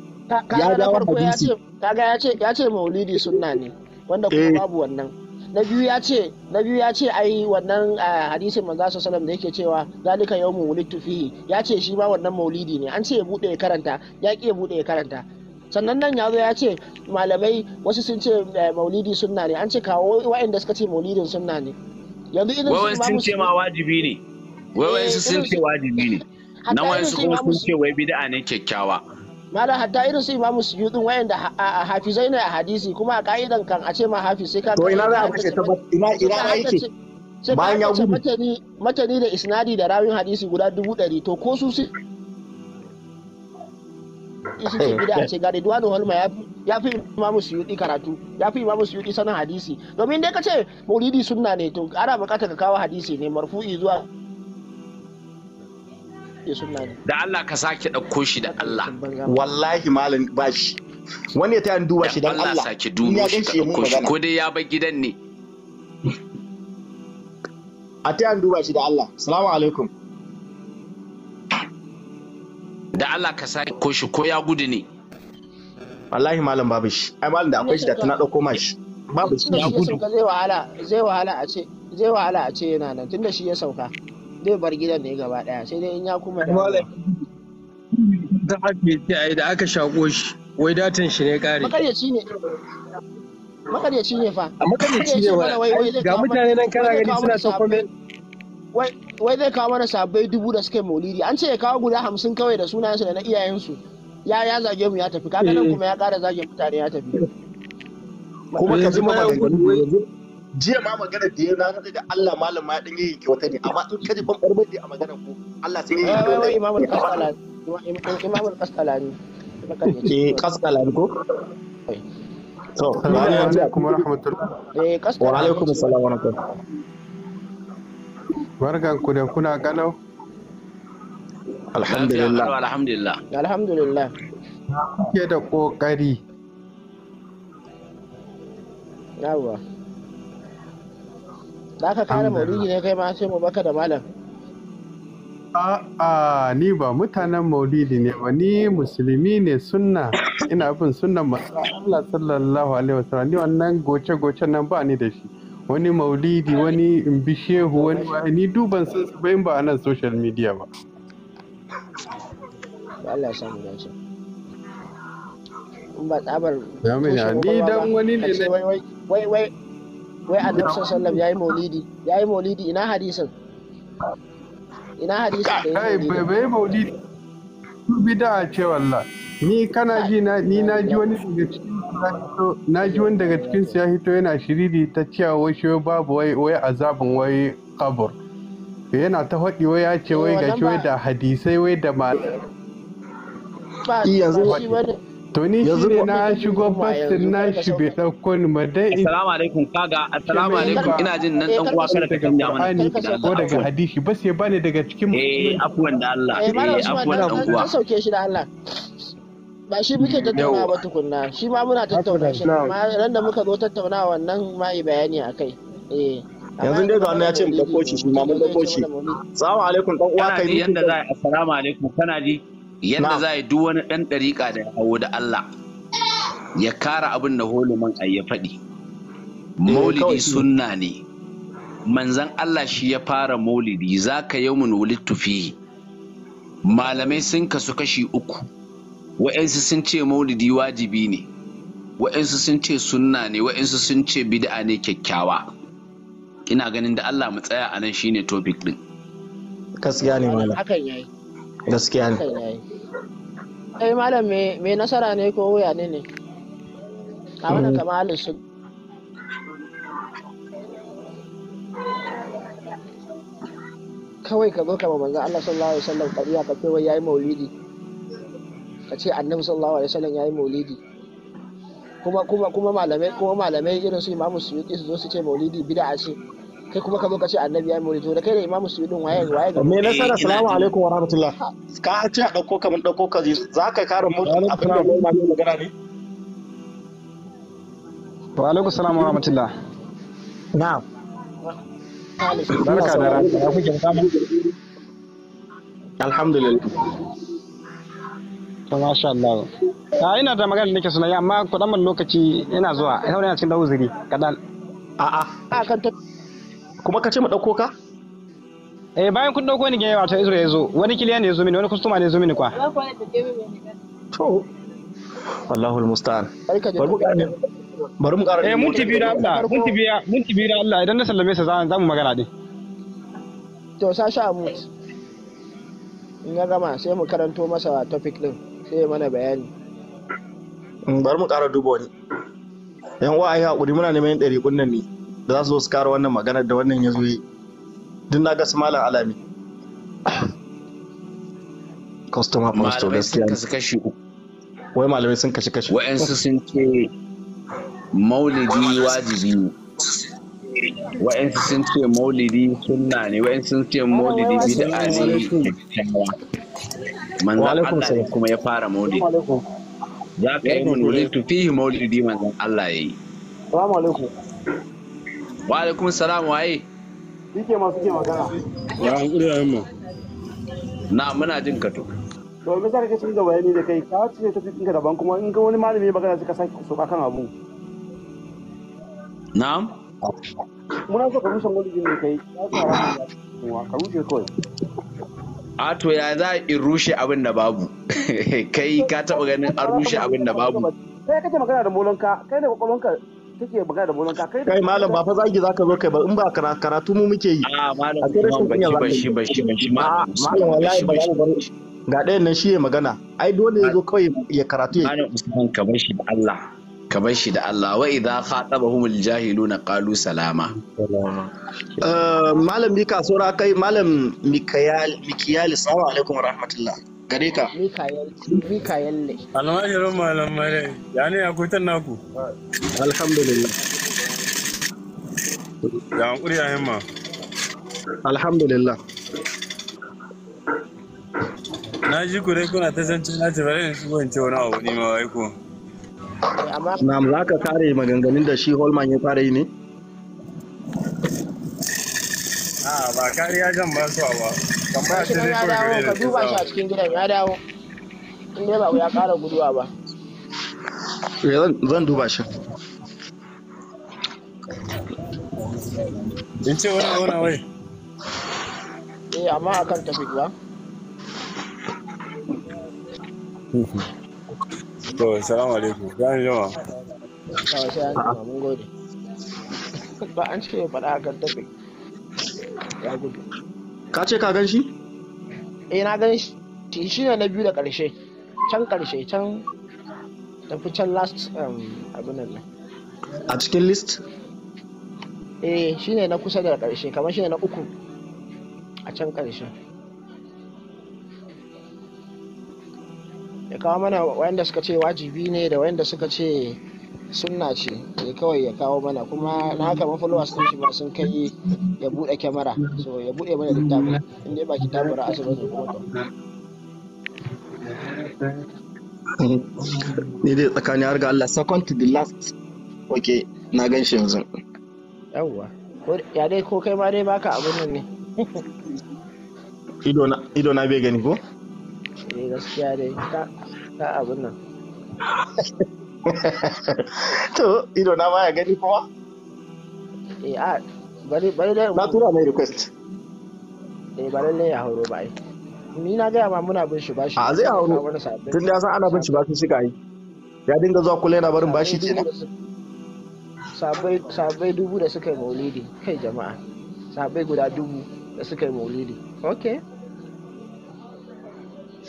ya dawo hadisi kaga ya ce ya ce maulidi sunna ne wanda kuma eh. babu wannan na biyu ya ce na biyu ya ce ai wannan hadisin manzo sallallahu da yake cewa zalika yawmu wulidtu fihi ya ce shi ba wannan maulidi ne an ce ya bude karanta ya ki ya bude karanta sannan nan yazo ya ce malamai wasu sun ce eh, maulidi sunna ne an ce kawo wa'anda suka ce maulidin sunna ne yanzu idan wai sun ce ma wajibi ne wai wai eh, sun ce wajibi ne nan wai sun ce wai bid'a ne kyakkyawa mala hatta irin su imamu yudin wayanda hafizai ne a hadisi kuma a ka'idan kan a ce ma hafiz sai ka to ina za a kashe tabbas ina ina aiki bayan ya gudu matani matani da isnadi da rawin hadisi guda dubu ɗari to ko su su isi ce gida a ce gari duwanu Holma ya fi imamu suyudi karatu ya fi imamu suyudi sanin hadisi domin dai ka ce maulidi sunna ne to ana bukatar ka kawo hadisi ne marfu'i zuwa da Allah ka sake ɗauko shi da Allah wallahi malam ba shi wani ya tayan duba shi dan Allah sake duba shi ka ɗauko shi ko dai ya bar gidan ne a tayan duba shi da Allah salamu alaikum da Allah ka sake ko shi ko ya gudu ne wallahi malam babu shi ai malam da akwai shi da tana ɗauko ma shi babu shi ya gudu zai wahala zai wahala a ce zai wahala a ce yana nan tunda shi ya sauka zai bar gidan ne gaba daya sai dai in ya kuma da da ake ce ai da aka shako shi wai datan shi ne kare makaryaci ne makaryaci ne fa makaryaci ne wai ga mutane nan kana gani suna son comment wai zai kawo mana sabbai dubu da suka yi maulidi an ce ya kawo guda hamsin kawai da sunayensu da na iyayensu ya ya zage mu ya tafi kaga nan eh. kuma ya kara zage mutane ya tafi kuma ka ji maganganu jiya ma magana da ya rana da Allah malam ma dan yayin kyauta ne amma in kaji ban barbar a magana ko Allah sai yi kyauta ah, ne eh, ko to wa alaikum rahmatullahi wa alaikum wa rahmatullahi eh, da kuna ganau alhamdulillah alhamdulillah alhamdulillah ke da kokari yawa za ka kare maulidi ne kai ma sai mu baka da malam a'a ni ba mutanen maulidi ne ba ni musulmi ne sunna ina bin sunnan masu Allah sallallahu alaihi wasallam ni wannan goce goce nan ba ni da shi wani maulidi wani bishehu wani ni duban sun bai ba a nan social media ba Allah ya samu dace in ba tsabar ni dan wani ne wai wai wai annabi sallam ya yayi maulidi yi maulidi ina hadisin ina hadisin da yi maulidi bai maulidi bid'a ce wallah ni kana ji ni na ji wani daga cikin na ji wani daga cikin ya hito yana shiriri ta cewa wai shi babu wai wai azabin wai kabur yana ta faɗi wai ya ce wai gashi wai da hadisai wai da ma ba shi wani To ni shi ne na shigo bastin na shi bai ɗauko ni ma dai. Assalamu alaikum kaga assalamu alaikum ina jin nan dan uwa kada ka canja mana. Ko daga hadisi ba sai bani daga cikin Eh afwan da Allah eh, eh afwan dan uwa. Ka sauke shi da Allah. Ba shi muke tattauna ba tukunna shi ma muna tattauna shi amma ran da muka zo tattauna wannan ma yi bayani akai. Eh yanzu dai ga wannan ya ce mu dauko shi shi ma mun dauko shi. Assalamu alaikum dan uwa kai. Yanda za a assalamu alaikum kana ji. yadda za a yi duk wani ɗan ɗariƙa da ya hawo da Allah ya kara abin da holiman a ya faɗi eh, maulidi sunna ne manzan Allah shi ya fara maulidi za ka yau mun fihi malamai sun kasu kashi uku wa'yansu sun ce maulidi wajibi ne wa'yansu sun ce sunna ne wa'yansu sun ce bid'a ne kyakkyawa ina ganin da Allah mu tsaya a nan shine topic din gaskiya ne malam hakan yayi gaskiya ne kai eh, malam me me nasara ne ko waya ne ne ka wannan hmm. kamalin su kawai ka zo ka manzo Allah sallallahu alaihi wasallam kariya ka ce wai yayi maulidi ka ce annabi sallallahu alaihi wasallam yayi maulidi kuma kuma kuma malamai kuma malamai irin su imamu suyuki su zo su ce maulidi bid'a ce kai kuma ka zo ka ce annabi ya mori to da kai da imamu su yudin waye waye me nasara assalamu alaikum wa rahmatullah ka ce a dauko ka mun dauko ka za ka kare mu abin da mai magana ne wa alaikum salam wa rahmatullah na'am barka da rana kuke alhamdulillah to masha Allah a ah, ina da magana nake suna amma kudan lokaci ina zuwa ina cikin da kadan a'a a kan kuma ka ce mu ɗauko ka? Eh bayan kun ɗauko ni gaya wato Isra ya zo wani kiliyan ne ya zo mini wani kustoma ne ya zo mini kwa. To wallahul musta'an. Bari mu ƙara. ne. Bari mu ƙara Eh mun tibi da Allah mun tibi biyu mun tibi da Allah idan na sallame sa za mu magana ɗin. To sa sha mu. In ya gama sai mu karanto masa topic ɗin sai mana bayani. Mm, bari mu ƙara duba wani. Yan uwa ai hakuri muna neman yin ɗari kunnan ne. da za su zo su kara wannan maganar da wannan ya zo duk na gasu malam alami customer pastor gaskiya wai malamai sun kashi kashi wa'ansu sun ce maulidi wajibi ne wa'ansu sun ce maulidi sunna ne wa'ansu sun ce maulidi bid'a ne manzan Allah ne kuma ya fara maulidi za ka yi mun wuri tufi maulidi manzan Allah ya yi wa alaikum salam waye shike masu ke magana ya hankuri ayin mu na muna jin ka to to me zaka kace da bayani da kai ka ce ta cikin daban kuma in ga wani malami magana suka saki so ka kan abu na'am muna so ka rushe wani jin kai wa ka rushe kawai a to ya za a rushe abin da babu [laughs] kai ka taba ganin an rushe abin da babu kai kace magana da molonka kai da kwakwalonka take magana da bolan ka kai malam ba fa zagi zaka zo kai ba in ba karatu mu muke yi ah, a malam ba shi ba shi ba shi ba malam wallahi ba shi ga ɗayan nan shi ya magana ai dole ya zo kawai ya karatu ya malam ka bar shi da Allah ka bar shi da Allah wa idza khatabahumul jahiluna qalu salama eh, malam mika sura kai malam mikayal mikiyal assalamu alaikum wa rahmatullah gare ka mikael ne almajirin malamai ya ne a kutan naku alhamdulillah ya hankuri a himma alhamdulillah na ji ku dai kuna ta zance na ce bari in shigo in ce wani abu ne ma waiko ko eh, na za ka kare maganganun da shi holman ya fara yi ne a ah, ba kariya zan ba su ba ya dawo ka duba shi a cikin gidan ya dawo zan duba shi in ce wani wani wai eh amma akan tafi ba to salamu alaikum mun gode [laughs] ba an ce faɗa akan tafi ya gudu ka ce ka gan shi? eh na gan shi shi ne na biyu da ƙarshe can ƙarshe can tafi can last um, abin nan a cikin list? eh shi ne na kusa da ƙarshe kamar shi ne na uku a can ƙarshe ya kawo mana wayanda suka ce wajibi ne da wayanda suka ce sunna ce ya eh, kawai ya kawo mana kuma na haka ma followers sun shi ma sun kai ya bude kyamara so ya bude mana littafin in dai ba kitabun ra'asu ba zai kuma ni dai tsakani har ga Allah second to the last okay na gan shi yanzu yawwa ya dai ko kai ma dai baka abin nan ne ido na bai gani ko eh gaskiya dai ka abin nan [laughs] to ido na baya gani kuma eh a bari bari dai na tura mai request eh bari ne ya hauro ba ai ni na ga ma muna bin shi bashi a zai hauro tun da san ana bin shi bashi shiga yi. ya dinga zuwa kula yana barin bashi kenan sabai sabai dubu da suka yi maulidi kai jama'a sabai guda dubu da suka yi maulidi okay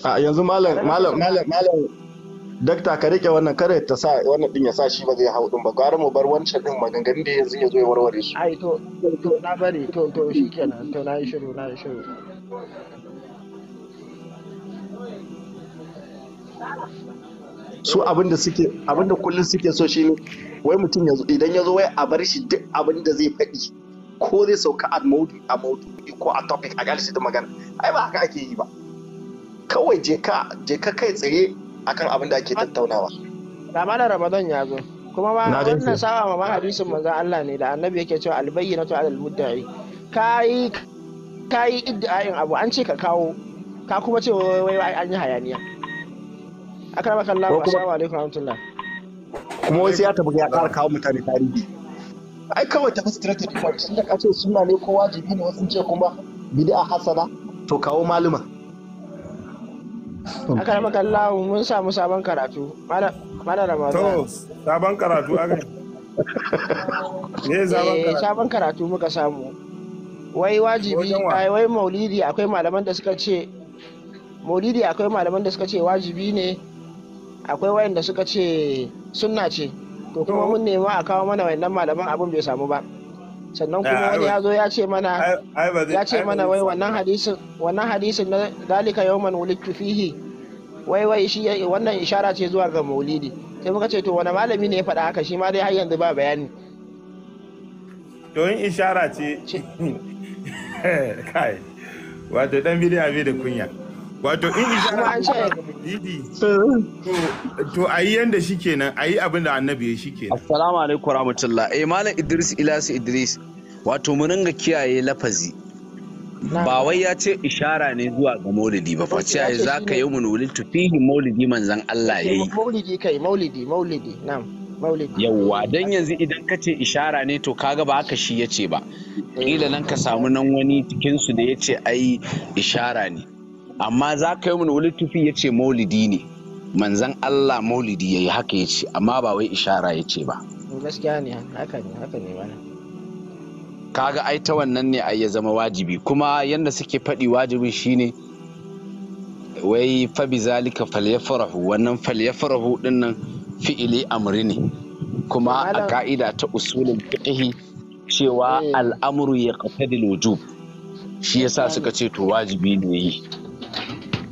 a yanzu malam malam malam malam dakta ka rike wannan kare ta sa wannan din ya sa shi ba zai hau din ba gara mu bar wancan din maganganun da yanzu ya zo ya warware shi ai to to na bari to to shikenan to na yi shiru na yi shiru su abinda suke abinda kullun suke so shine wai mutum yanzu idan ya zo wai a bar shi duk abin da zai faɗi ko zai sauka a mautu a maudu ko a topic a galisi da magana ai ba haka ake yi ba kawai je ka je ka kai tsaye akan abin da ake tattaunawa ramadan ramadan ya zo kuma ba wannan sawa ma hadisin manzon Allah ne da annabi yake cewa albayyinatu alal mudda'i kai kai iddain abu an ce ka kawo ka kuma ce wai wai an yi hayaniya akramaka Allah alaihi wa sallam. kuma sai ya tabbata ya ƙara kawo mutane tarihi ai kawai ta fasitira ta tun da ka ce sunna ne ko wajibi ne wasu ce kuma bid'a hasana to kawo maluma aka kan kallahu mun samu sabon karatu mana ramadan to sabon karatu aka ne [laughs] eh, sabon karatu muka samu wai wajibi wai maulidi akwai malaman da suka ce maulidi akwai malaman da suka ce wajibi ne akwai wayan da suka ce sunna ce to kuma mun nema a kawo mana wayannan malaman abin bai samu ba sannan kuma wani ya zo ya ce mana ya ce mana wai wannan hadisin wannan hadisin na dalika yawman wulittu fihi wai wai shi wannan ishara ce zuwa ga maulidi sai muka ce to wani malami ne ya faɗa haka shi ma dai har yanzu ba bayani to in ishara ce [laughs] kai wato dan bidiya bai da kunya wato in ishara ce to a yi yanda shi kenan a yi abin da annabi ya shi kenan assalamu alaikum rahmatullah eh malam idris ilasu idris wato mu ringa kiyaye lafazi ba wai ya ce ishara ne zuwa ga maulidi ba fa cewa za ka yi mu nulitu fihi maulidi manzan Allah ya yi maulidi kai maulidi maulidi na'am maulidi yawwa dan yanzu idan ka ce ishara ne to kaga ba haka shi yace ba kila nan ka samu nan wani cikin su da yace ai ishara ne amma za ka yi mu nulitu fi yace maulidi ne manzan Allah maulidi yayi haka yace amma ba wai ishara yace ba gaskiya ne haka ne haka ne wannan kaga ai ta wannan ne ai ya zama wajibi kuma yadda suke faɗi wajibin shine wai fa bi zalika falyafrahu wannan falyafrahu din nan fi'ili amri ne kuma a ka'ida ta usulin fiqhi cewa eh. al'amru ya qatadil wujub shi yasa suka ce to wajibi ne yi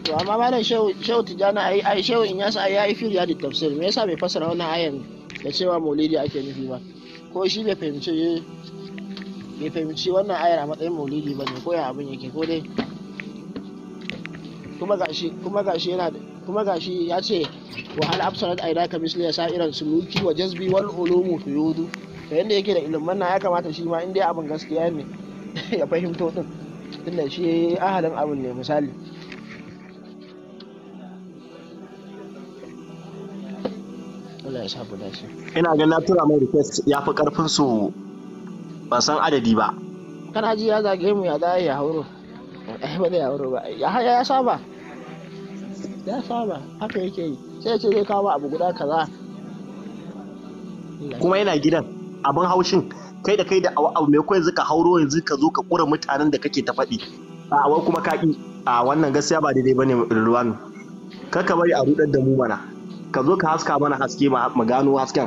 to amma malam shehu tijana ai ai shehu in yasa ai yayi firiya da tafsir me yasa bai fasara wannan ayan da cewa maulidi ake nufi ba ko shi bai fahimci bai fahimci wannan ayar a matsayin maulidi ba ne ko ya abin yake ko dai kuma gashi kuma gashi yana kuma gashi ya ce wa hal absarat aidaka misliya sa'iran suluki wa jazbi wal ulumu yudu to yanda yake da ilimin nan ya kamata shi ma in dai abin gaskiya ne [laughs] ya fahimto din tunda shi ahalin abin ne misali ina ganin na tura mai request ya fi karfin su ban san adadi ba kana ji ya zage mu ya da ya hauro eh ba zai hauro ba ya ya saba ya saba haka yake yi sai ya ce zai kawo abu guda kaza kuma yana gidan abin haushin kai da kai da abu mai kawai ka hauro yanzu ka zo ka kura mutanen da kake ta faɗi a awa kuma ka a wannan gaskiya ba daidai bane Rilwanu kaka bari a rudar da mu mana ka zo ka haska mana haske mu gano hasken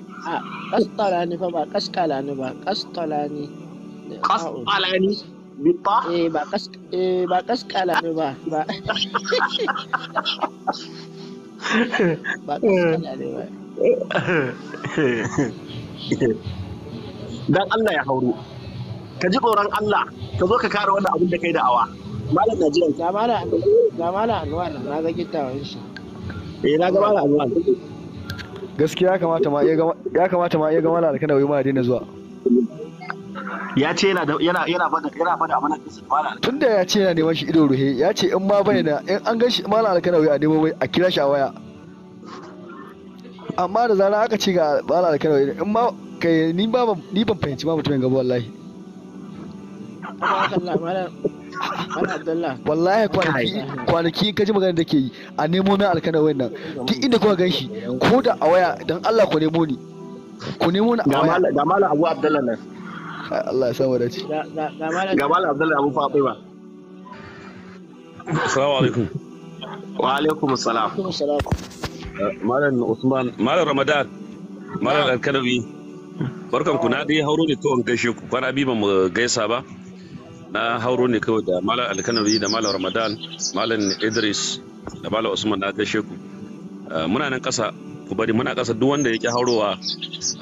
a kastalani fa ba kastalani ba kastalani kastalani bitta eh ba kas eh ba kastalani ba ba [laughs] ba ba dan Allah ya hauro ka ji tsoron Allah ka zo ka kare wannan abin da kai da'awa malam Najeriya ga malam ga malam Anwar na ga kittawan shi eh na ga malam Anwar gaskiya ya kamata ma ya kamata ma ya ga mallam alkana wai ma daina zuwa ya ce yana da yana yana bada yana bada amana kisa mallam tunda ya ce yana neman shi ido ruhe ya ce in ma bai na in an gan shi mallam alkana wai a nemo wai a kira shi a waya amma da zarar aka ce ga mallam alkana wai in ma kai ni ba ni ban fahimci ma mutumin gaba wallahi wallahi kwanaki kwanaki ka ji magana da ke yi a nemo min alkana wannan duk inda kuka gan shi ko da a waya don Allah ku nemo ni ku nemo ni a waya ga malam Abu Abdullah nan Allah ya samu dace ga malam Abdullah Abu Fatima Assalamu alaikum wa alaikum assalam eh, malam Usman malam Ramadan malam ah. Alkanawi barkan ku na dai hauro ne to an gaishe ku kwana bi ba mu gaisa ba na hauro ne kawai da malam alkanari da malam ramadan malam idris da malam usman na gaishe ku ah, muna nan ƙasa ku bari muna ƙasa duk wanda yake haurowa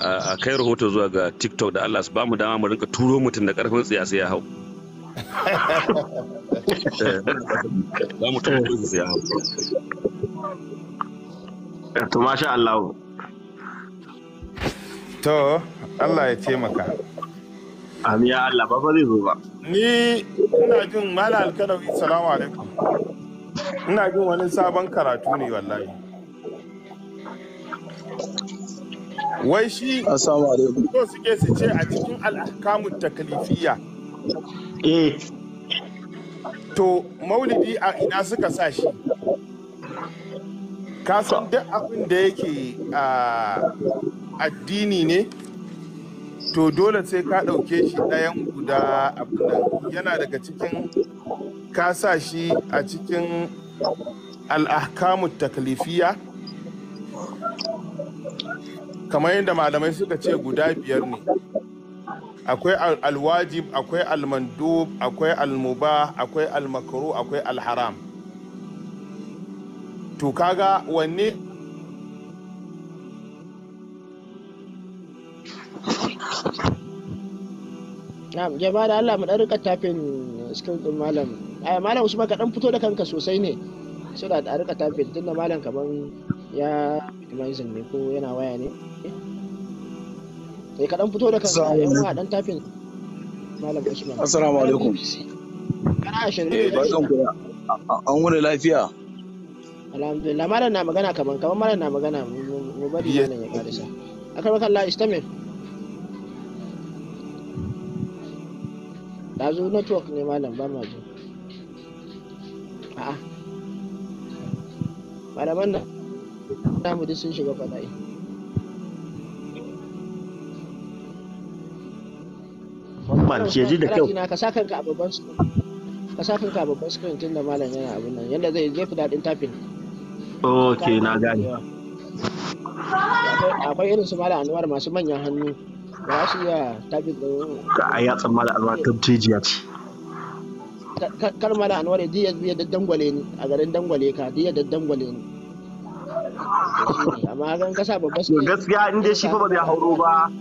ah, a kai rahoto zuwa ga tiktok da allah su ba mu dama mu rinka turo mutum da karfin tsiya sai ya hau [laughs] eh, sai ya hau eh, to masha allah to allah ya taimaka Amiya Allah ba ba zai zo ba. Ni ina jin Malam Alkalawi salamu alaikum. Ina jin wani sabon karatu ne wallahi. Wai shi Assalamu alaikum. So suke su ce a cikin al'akamun takalifiyya. Eh. To maulidi a ina suka sa shi. san duk abin da yake a ah, addini ne to dole sai ka ɗauke shi ɗayan guda abin yana daga cikin ka shi a cikin al'akamun taklifiya kamar yadda malamai suka ce guda biyar ne akwai alwajib akwai almandub akwai almuba akwai almakaru akwai alharam to kaga wanne na'am jama'a da Allah mu dan rika tafin iskar din malam ai malam Usman ka dan fito da kanka sosai ne so da a rika tafin tunda malam kaman ya minimizing ne ko yana waya ne eh ka dan fito da kanka ai ma dan tafin malam Usman assalamu alaikum kana shin eh barkan ku an wuni lafiya alhamdulillah malam na magana kaman kaman malam na magana mu bari nan ya karisa akwai Allah istamir ɗazu network ne malam ba ma jin a'a malaman da namu duk sun shiga fada'i man ke ji da kyau ka sa kanka a babban su ka sa kanka a babban screen tun da malam yana abin nan yanda zai zai fi daɗin tafin Ok, na gane akwai irin su malam anwar masu manyan hannu ba su iya tafi ka a ya tsammala a ta jijiya ce kar mana anwar ji ya zuya dangwale ni a garin dangwale ka ji ya dangwale ni amma kan kasa babba su gaskiya in dai shi fa ba zai hauro ba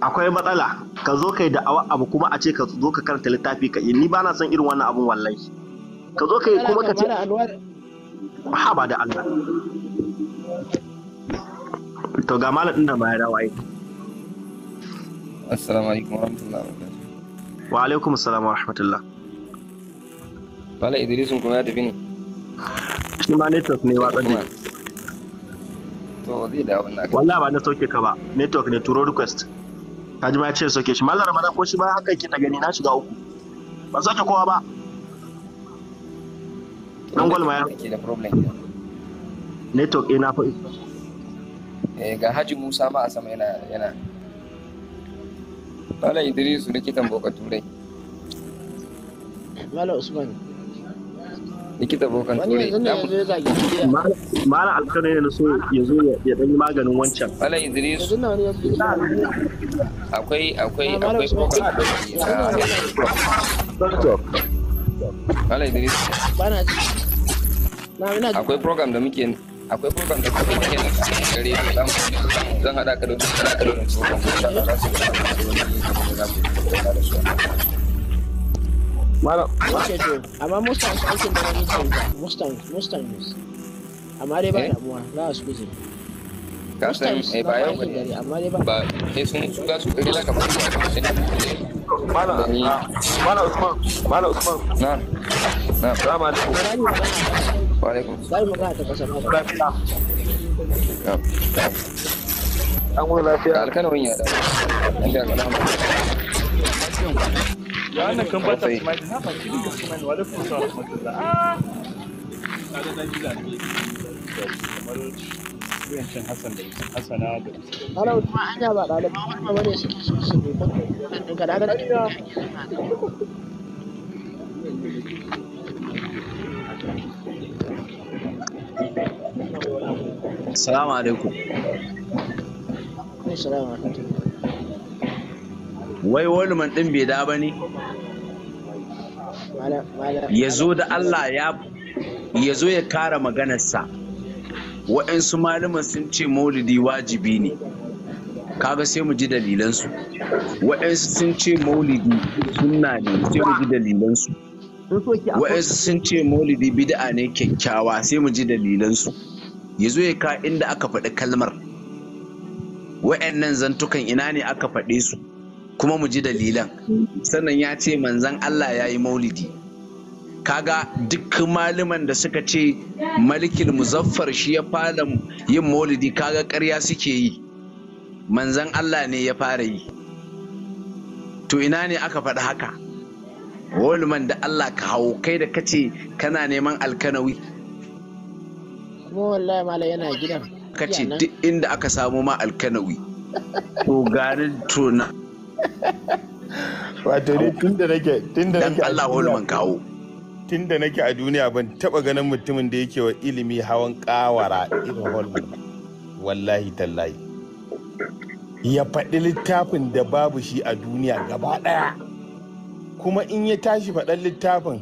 akwai matsala ka zo kai da abu kuma a ce ka zo ka karanta littafi ka ni ba na son irin wannan abun wallahi ka zo kai kuma ka ce ha ba da Allah to ga malam din da ba ya dawo ai assalamu alaikum wa rahmatullahi wa alaikum assalam wa rahmatullah bala idris kuma ya tafi ne shi ma network ne wa tsadi to zai da wannan wallahi ba na sauke ka ba network ne turo request ji ma ya ce sauke shi mallar na ko shi ba haka yake ta gani na shiga uku ba sauke kowa ba dan gwalma ya network ina eh, fa Eh, ga haji musa ma a sama yana yana mala idrisu likitan boka turai mala usman likita bokan turai mala alkana yana so ya zo ya dan yi maganin wancan mala idrisu akwai akwai ah, akwai bokan turai mala idrisu akwai program da muke ne akwai program da kuma yin gare zan zan hada ka da duk hada ka da program ko sha Allah su ga da su malam wace to amma mustang aikin da wani ce mustang mustang ne amma dai ba eh? damuwa za su kuje ka san eh ba yau bane amma dai ba ba eh sun su ga su kare laka ba Mala, Mala usman Mala usman na na salamu alaikum Wa alaikum. Za mu ga ta kasa na lafiya. An gode lafiya. Alkanawan ya da. An da alama. Ya da Kamar Hassan da da. an su da Assalamu alaikum. Wai woluman ɗin bai da ba ne? Ya zo da Allah ya zo ya kara maganarsa. Wa'yansu malaman sun ce maulidi wajibi ne. kaga sai mu ji dalilansu waɗansu sun ce maulidi sunna ne sai mu ji dalilansu wa'yansu sun ce maulidi bid'a ne kyakkyawa sai mu ji dalilansu ya zo ya ka inda aka faɗi kalmar wa'yannan zantukan ina ne aka faɗe su kuma mu ji dalilan sannan ya ce manzan Allah ya yi maulidi kaga duk maliman da suka ce malikin muzaffar shi ya fara yin maulidi kaga karya suke yi manzan Allah ne ya fara yi to ina ne aka faɗi haka holman da Allah ka hau kai da kace kana neman alkanawi kuma wallahi mala yana gidan kace duk inda aka samu ma alkanawi to garin to na wato ne tun da nake tun da nake Allah holman ka hau tun da nake a duniya ban taba ganin mutumin da yake wa ilimi hawan kawara irin holman wallahi tallahi ya faɗi littafin da babu shi a duniya gaba ɗaya kuma in ya tashi faɗan littafin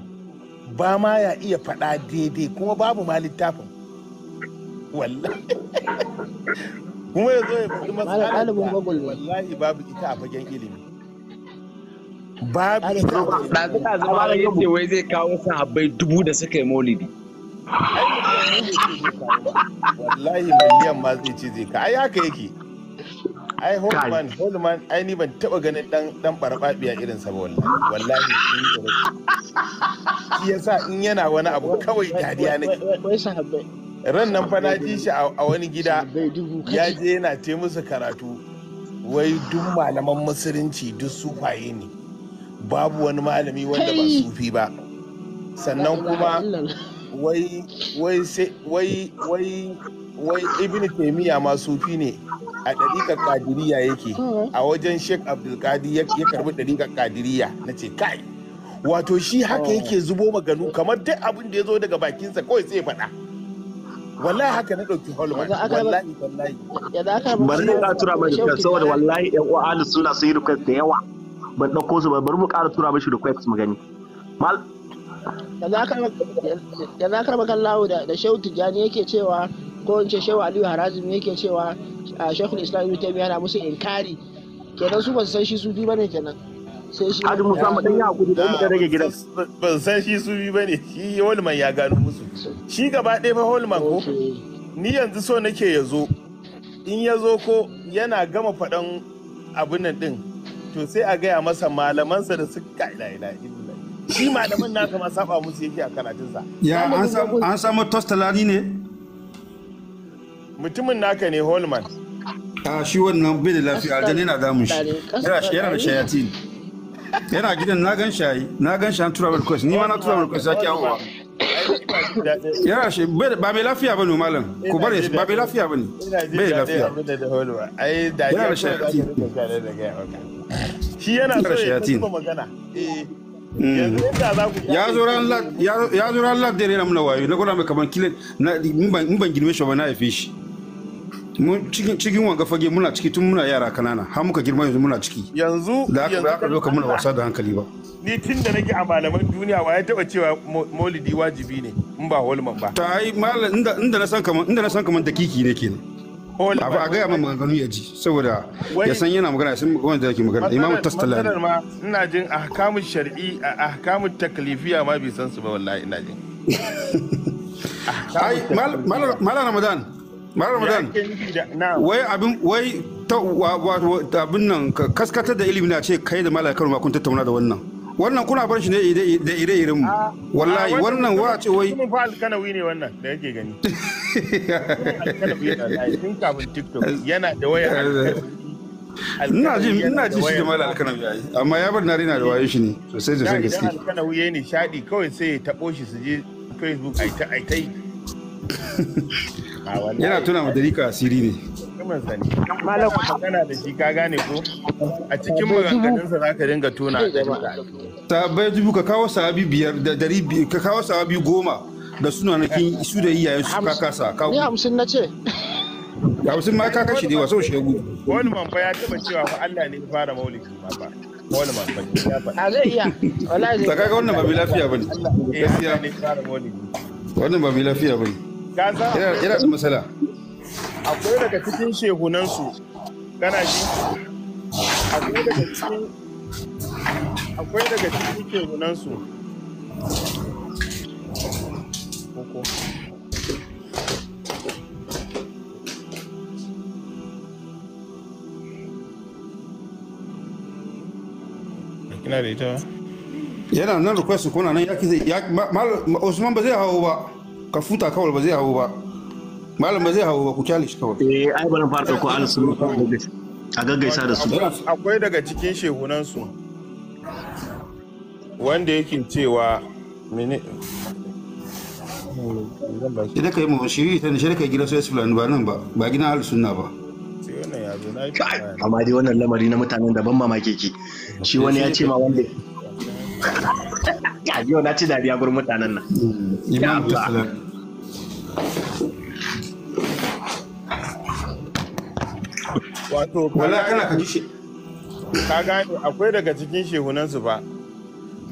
ba ma ya iya faɗa daidai kuma babu ma littafin wallahi [laughs] kuma ya zo ya faɗi matsalar wallahi babu ita a fagen ilimi babu ita a fagen ilimi ɗazu ɗazu malam yace wai zai kawo sahabbai dubu da suka yi maulidi wallahi miliyan ma zai ce zai ka ai haka yake ai holman holman ai ni ban taba ganin dan dan barbabiya irin sa wallahi wallahi shi yasa in yana wani abu kawai dariya nake ran nan fa na ji shi a wani gida ya je yana te musu karatu wai duk malaman musulunci duk sufaye ne babu wani malami wanda ba sufi ba sannan kuma wai wai wai wai wai ibn taimiyya ma sufi ne a ɗariƙar ƙadiriya yake hmm. a wajen sheikh abdulkadir ya karbi ɗariƙar ƙadiriya na ce kai wato shi haka oh. yake zubo maganu kamar duk abin da ya zo daga bakinsa kawai sai faɗa wallahi haka na ɗauki holman wallahi wallahi bari ne ka tura mai request saboda wallahi ƴan uwa ahlus suna sun yi request da yawa ban ɗauko su bari mu ƙara tura mashi request mu gani yanzu aka raba kan lawo da shehu tijjani yake cewa ko in ce shehu aliyu harazim ne ke cewa ah, shekul islam ibn taymiya yana musu inkari kenan su ban san shi sufi bane kenan sai shi Hadi Musa mu dan ya hakuri da mu rage gidan ban san shi sufi bane shi Holman ya gano musu shi gaba ɗaya fa Holman ko ni yanzu so nake ya zo in ya zo ko yana gama faɗan abin nan din to sai a gaya masa malamansa da suka ila ila shi malaman nasa ma saba musu yake a karatunsa ya an samu tostalari ne mutumin naka ne holman a shi wannan bai da lafiya aljan na damun shi yana da shayati yana gidan na gan shayi na gan shayi na mai request ni ma na tura mai zaki awowa yana shi ba mai lafiya ba ne malam ku bari ba mai lafiya ba ne bai da lafiya yana da shayati shi yana so ya tuba magana eh. mm. ya zo ran lat na muna wayo na gwada mai kaman kilin in ban girme shi ba na haife shi cikin wanga fage muna ciki tun muna yara kanana har muka girma yanzu muna ciki yanzu da aka zo ka muna wasa da hankali ba ni tun da nake a malaman duniya wa ya taba cewa maulidi wajibi ne in ba holman ba ta ai inda na san kaman inda na san kaman dakiki ne ke. abu a gaya ma maganganu ya ji saboda ya san yana magana sun wanda yake magana imamu tastala ne ma ina jin ahkamu shar'i ahkamu taklifiya ma bai san su ba wallahi ina jin [laughs] ai malam ramadan Mara Ramadan, wai abin wai ta abin nan kaskatar da ilimi na ce kai da malakar ma kun tattauna da wannan. Wannan kuna bar shi ne da ire irin mu. Wallahi wannan wa ce wai. Kuma fa alkanawi ne wannan da yake gani. [laughs] Tun kafin TikTok yana da waya [laughs] Ina ji ina ji shi da malal alkanawi yayi amma ya bar nari na da wayo shi ne sosai da sai gaske. Alkanawi yayi shadi kawai sai ya tabo shi su je Facebook ai ta ai [laughs] yana tuna ma dalika asiri ne da a cikin maganganunsa za ka dinga tuna ta bai dubu ka kawo biyar da dari ka kawo goma da suna na kin su da iyaye su kasa ka ni hamsin na ce ya hamsin ma ka ne wasau shegu wani man fa ya taba cewa fa Allah ne fara maulidi ma ba wani man fa ya fa a zai iya wallahi ka wannan ba bi lafiya bane gaskiya wannan ba bi lafiya bane yana da matsala akwai daga cikin shehunansu kana akwai daga cikin akwai daga cikin shehunansu kina yana nan request kuna nan ya Usman ba zai hawo ba ka futa kawai ba zai hau ba malam ba zai hau ba ku kyale shi kawai eh ai bana fara ko alsu a gaggaisa da su akwai daga cikin shehunan su wanda yake cewa mene ne. da kai mu shiri ta ne shirka gidan su fulani ba nan ba ba gidan ahlus ba amma dai wannan lamari na mutanen da ban mamaki ki shi wani ya ce ma wanda [laughs] yau na ci dariya gurin mutanen nan wato wala kana ka ji shi ka gane akwai daga cikin shehunansu ba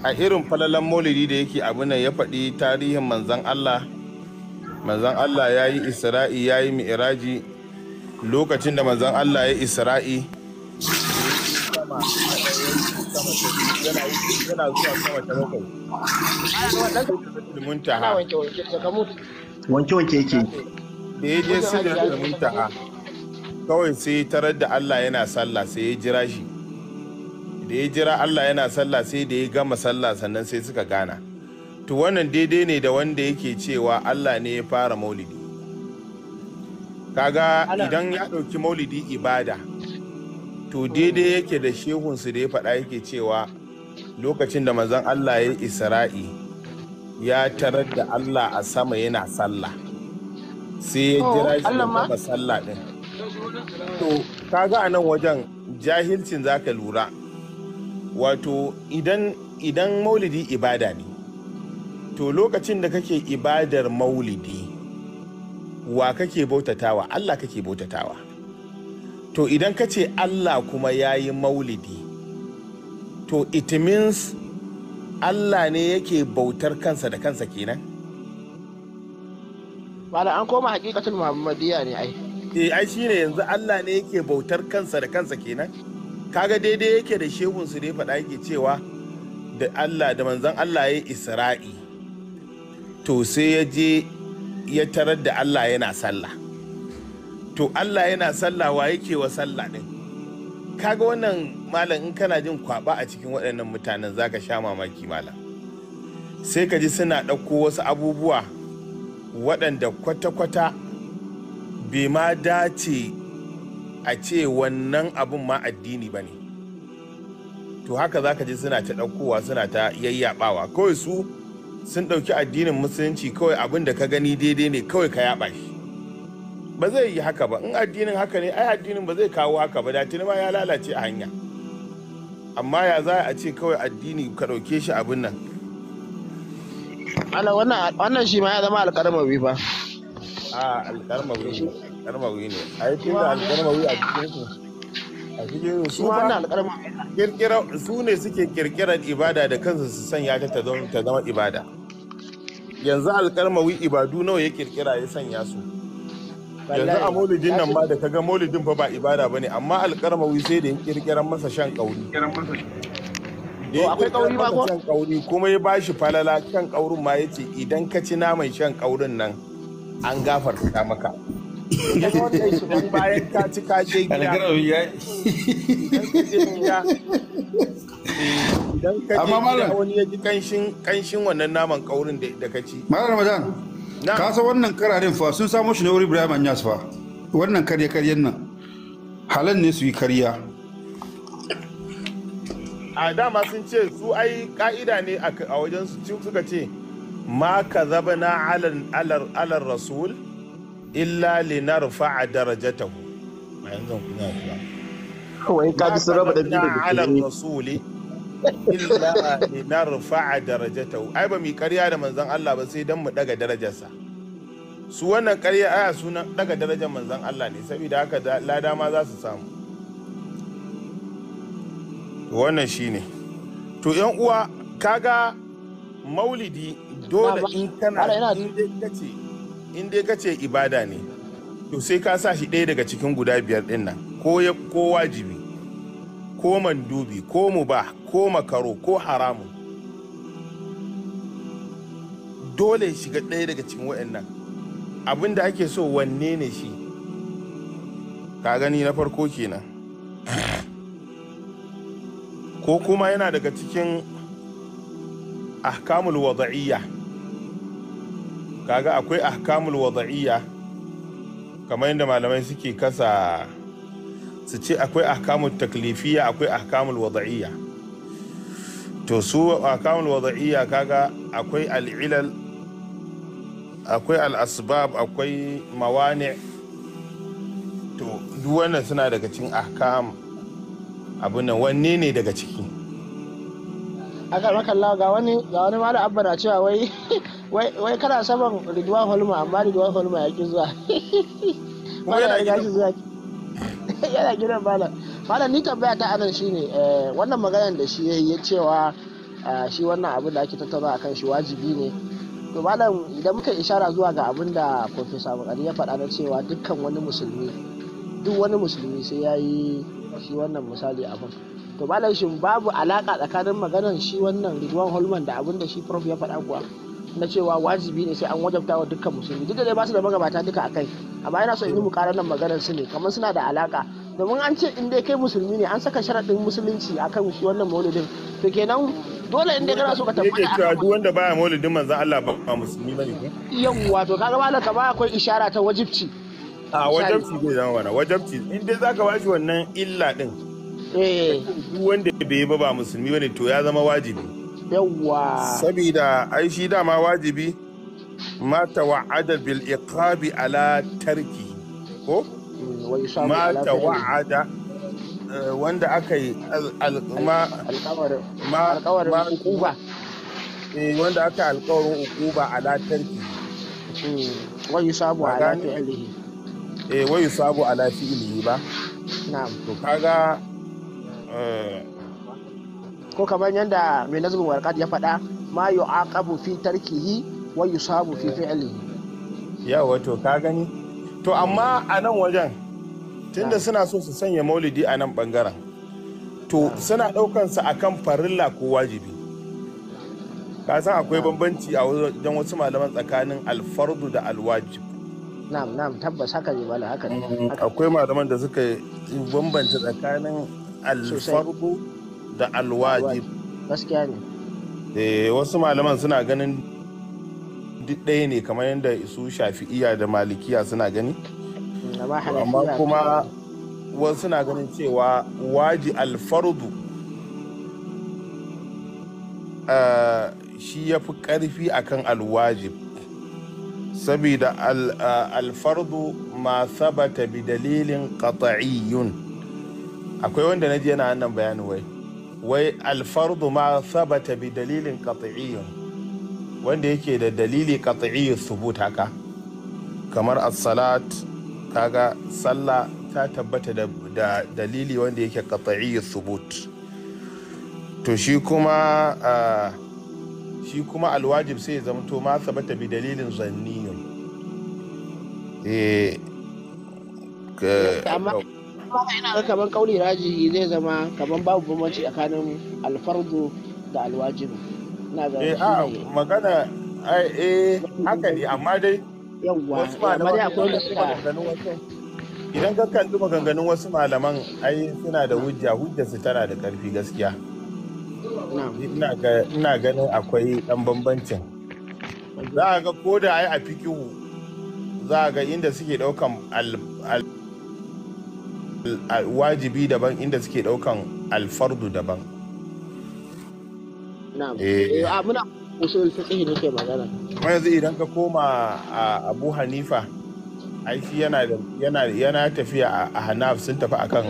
a irin falalan maulidi da yake abu nan ya faɗi tarihin manzan Allah manzan Allah ya yi isra'i ya yi mi'iraji lokacin da manzan Allah ya yi isra'i yana zuwa sama ta bakwai wanke wanke yake da ya je sigar da muntaha ah. kawai sai tarar da Allah yana sallah sai ya jira shi da ya jira Allah yana sallah sai da ya gama sallah sannan sai suka gana to wannan daidai ne da wanda yake cewa Allah ne ya fara maulidi kaga idan ya ɗauki maulidi ibada to daidai yake da shehunsu da ya faɗa yake cewa lokacin da mazan Allah ya isra'i ya tarar da Allah a sama yana sallah sai ya jira oh, shi gama sallah din to kaga a nan wajen jahilcin zaka lura wato idan idan maulidi ibada ne to lokacin da kake ibadar maulidi wa kake bautatawa Allah kake bautatawa to idan ka ce Allah kuma ya yi maulidi to it means Allah ne yake bautar kansa da kansa kenan wala an koma hakikatul muhammadiyya ne ai eh ai shi ne yanzu Allah ne yake bautar kansa da kansa kenan kaga daidai yake da shehun su ne faɗa yake cewa da Allah da manzon Allah ya Isra'i to sai ya je ya tarar da Allah yana sallah to Allah yana sallah wa yake wa sallah din kaga wannan malam in kana jin kwaba a cikin waɗannan mutanen zaka sha mamaki malam sai ka ji suna ɗauko wasu abubuwa waɗanda kwata-kwata bai ma dace a ce wannan abin ma addini ba ne to haka za ka ji suna ta ɗaukowa suna ta yayyaɓawa kawai su sun ɗauki addinin musulunci kawai abin da ka gani daidai ne kawai ka yaɓa shi ba zai yi haka ba in addinin haka ne ai addinin ba zai kawo haka ba da ma ya lalace a hanya amma ya za a ce kawai addini ka ɗauke shi abin nan ala wannan shi ma ya zama alƙarmawi fa a alƙarmawi ne alƙarmawi ne a yi tun da alƙarmawi a cikin a cikin su ba su ne suke kirkirar ibada da kansu su sanya ta ta zama ibada yanzu alƙarmawi ibadu nawa ya kirkira ya sanya su yanzu a maulidin nan ma da ga maulidin fa ba ibada ba ne, amma alkarmawi sai da yin kirkiran masa shan kauri akwai kauri ba ko kauri kuma ya shi falala kan kaurin ma ya ce idan ka ci naman shan kaurin nan an gafarta maka amma malam gida idan wani ya ji kanshin wannan naman kaurin da ka ci malam ramadan kasa wannan kararin fa sun samo shi ne wuri Ibrahim Anyas fa wannan karye karyen nan halan ne su yi karya a dama sun ce su ai ka'ida ne a wajen su suka ce ma ka zaba na alar rasul illa linar na rufa a yanzu kuna kuwa kawai ka ji su raba da biyu da biyu na rufa'a darajatahu ai ba mu karya da manzon Allah ba sai dan mu daga darajarsa su wannan karya aya sunan daga darajar manzon Allah ne saboda haka lada ma za su samu wannan shi ne to yan uwa kaga maulidi dole in kana in dai kace ibada ne to sai ka sa shi ɗaya daga cikin guda biyar ɗin nan ko wajibi ko mandubi ko mubah ko makaro ko haramun dole shiga ɗaya daga cikin waɗannan abin da ake so wanne ne shi ka gani na farko kenan ko kuma yana daga cikin ahkamul wada'iyya kaga akwai ahkamul wada'iyya kamar yadda malamai suke kasa su ce akwai ahkamul taklifiya akwai ahkamul wada'iyya to su ahkamul wada'iyya kaga akwai al'ilal akwai al'asbab akwai mawani to duk wannan suna daga cikin ahkam abin nan wanne ne daga ciki akan makalla ga wani ga wani ma da abba na cewa wai [laughs] wai kana saman riduwa holma amma riduwa holma ya ki zuwa ba [laughs] ya ki zuwa yana gidan malam malam ni tambaya ta anan shine eh, wannan maganar da shi yayi ya cewa ah, shi wannan abin da ake tattauna akan shi wajibi ne to malam idan muka ishara zuwa ga abin da professor Bukari ya faɗa na cewa dukkan wani musulmi duk wani musulmi sai ya yi shi wannan misali abin to malam shin babu alaka tsakanin maganar shi wannan Ridwan Holman da abin da shi prof ya faɗa kuwa na cewa wajibi ne sai an wajabta wa dukkan musulmi duk da dai ba su da magabata duka akai amma yana so in yi mukarar nan maganar su ne kamar suna da alaka domin an ce in dai kai musulmi ne an saka sharaɗin musulunci a shi wannan maulidin to kenan dole in dai kana so ka tabbata yake cewa duk wanda baya maulidin manzon Allah ba musulmi bane ko yawa to kaga malaka ba akwai ishara ta wajibci a wajibci zai zama bana, wajibci in dai zaka bashi wannan illa din eh. duk wanda bai ba ba musulmi bane to ya zama wajibi yawa saboda ai shi dama wajibi ma tawa'ada bil iqabi ala tarki ko ma wa'ada eh, wanda aka yi alkawarin ukuba eh, wanda aka alkawarin ukuba a latarki hmm, wayu sabu a lafi'ilihi eh wayu sabu a lafi'ilihi ba na'am to kaga eh, ko kamar yadda mai nazarin warkat ya faɗa ma yu'aqabu fi tarkihi wa sabu fi fi'lihi yawa to ka gani to amma a nan wajen tunda suna so su sanya maulidi a nan bangaren to ah. suna ɗaukansa a kan farilla ko wajibi ka san akwai ah. bambanci a wajen wasu malaman tsakanin alfardu da alwajib na'am na'am tabbas haka ne mala haka ne akwai malaman da suka bambanta tsakanin alfardu da alwajib gaskiya ne eh wasu malaman suna ganin duk ɗaya ne kamar yadda su shafi'iya da malikiya suna gani amma kuma wasu suna ganin cewa waji alfardu eh, shi ya fi ƙarfi akan alwajib saboda eh, alfardu ma sabata bi dalilin qat'iyyun akwai wanda na yana wannan bayanin wai wai alfardu ma sabata bi dalilin qat'iyyun wanda yake da dalili qat'iyyu subut haka kamar as-salat kaga sallah ta tabbata da, da dalili wanda yake qat'i subut to shi kuma shi kuma alwajib sai ya zamto ma sabata bi dalilin zanni ne eh, amma kamar kauli raji zai zama kamar babu bambanci tsakanin alfardu da alwajib na eh, shi ne. a magana ai eh haka ne amma dai yawwa idan ka kalli maganganun wasu malaman ai suna da hujja hujja su tana da karfi gaskiya ina ganin akwai dan bambancin za a ga ko da ai a fikihu za a ga inda suke daukan wajibi daban inda suke daukan alfardu daban na'am eh, eh muna usul fiqh nake magana wai yanzu idan ka koma a Abu Hanifa ai shi yana yana yana tafiya a Hanaf sun tafi akan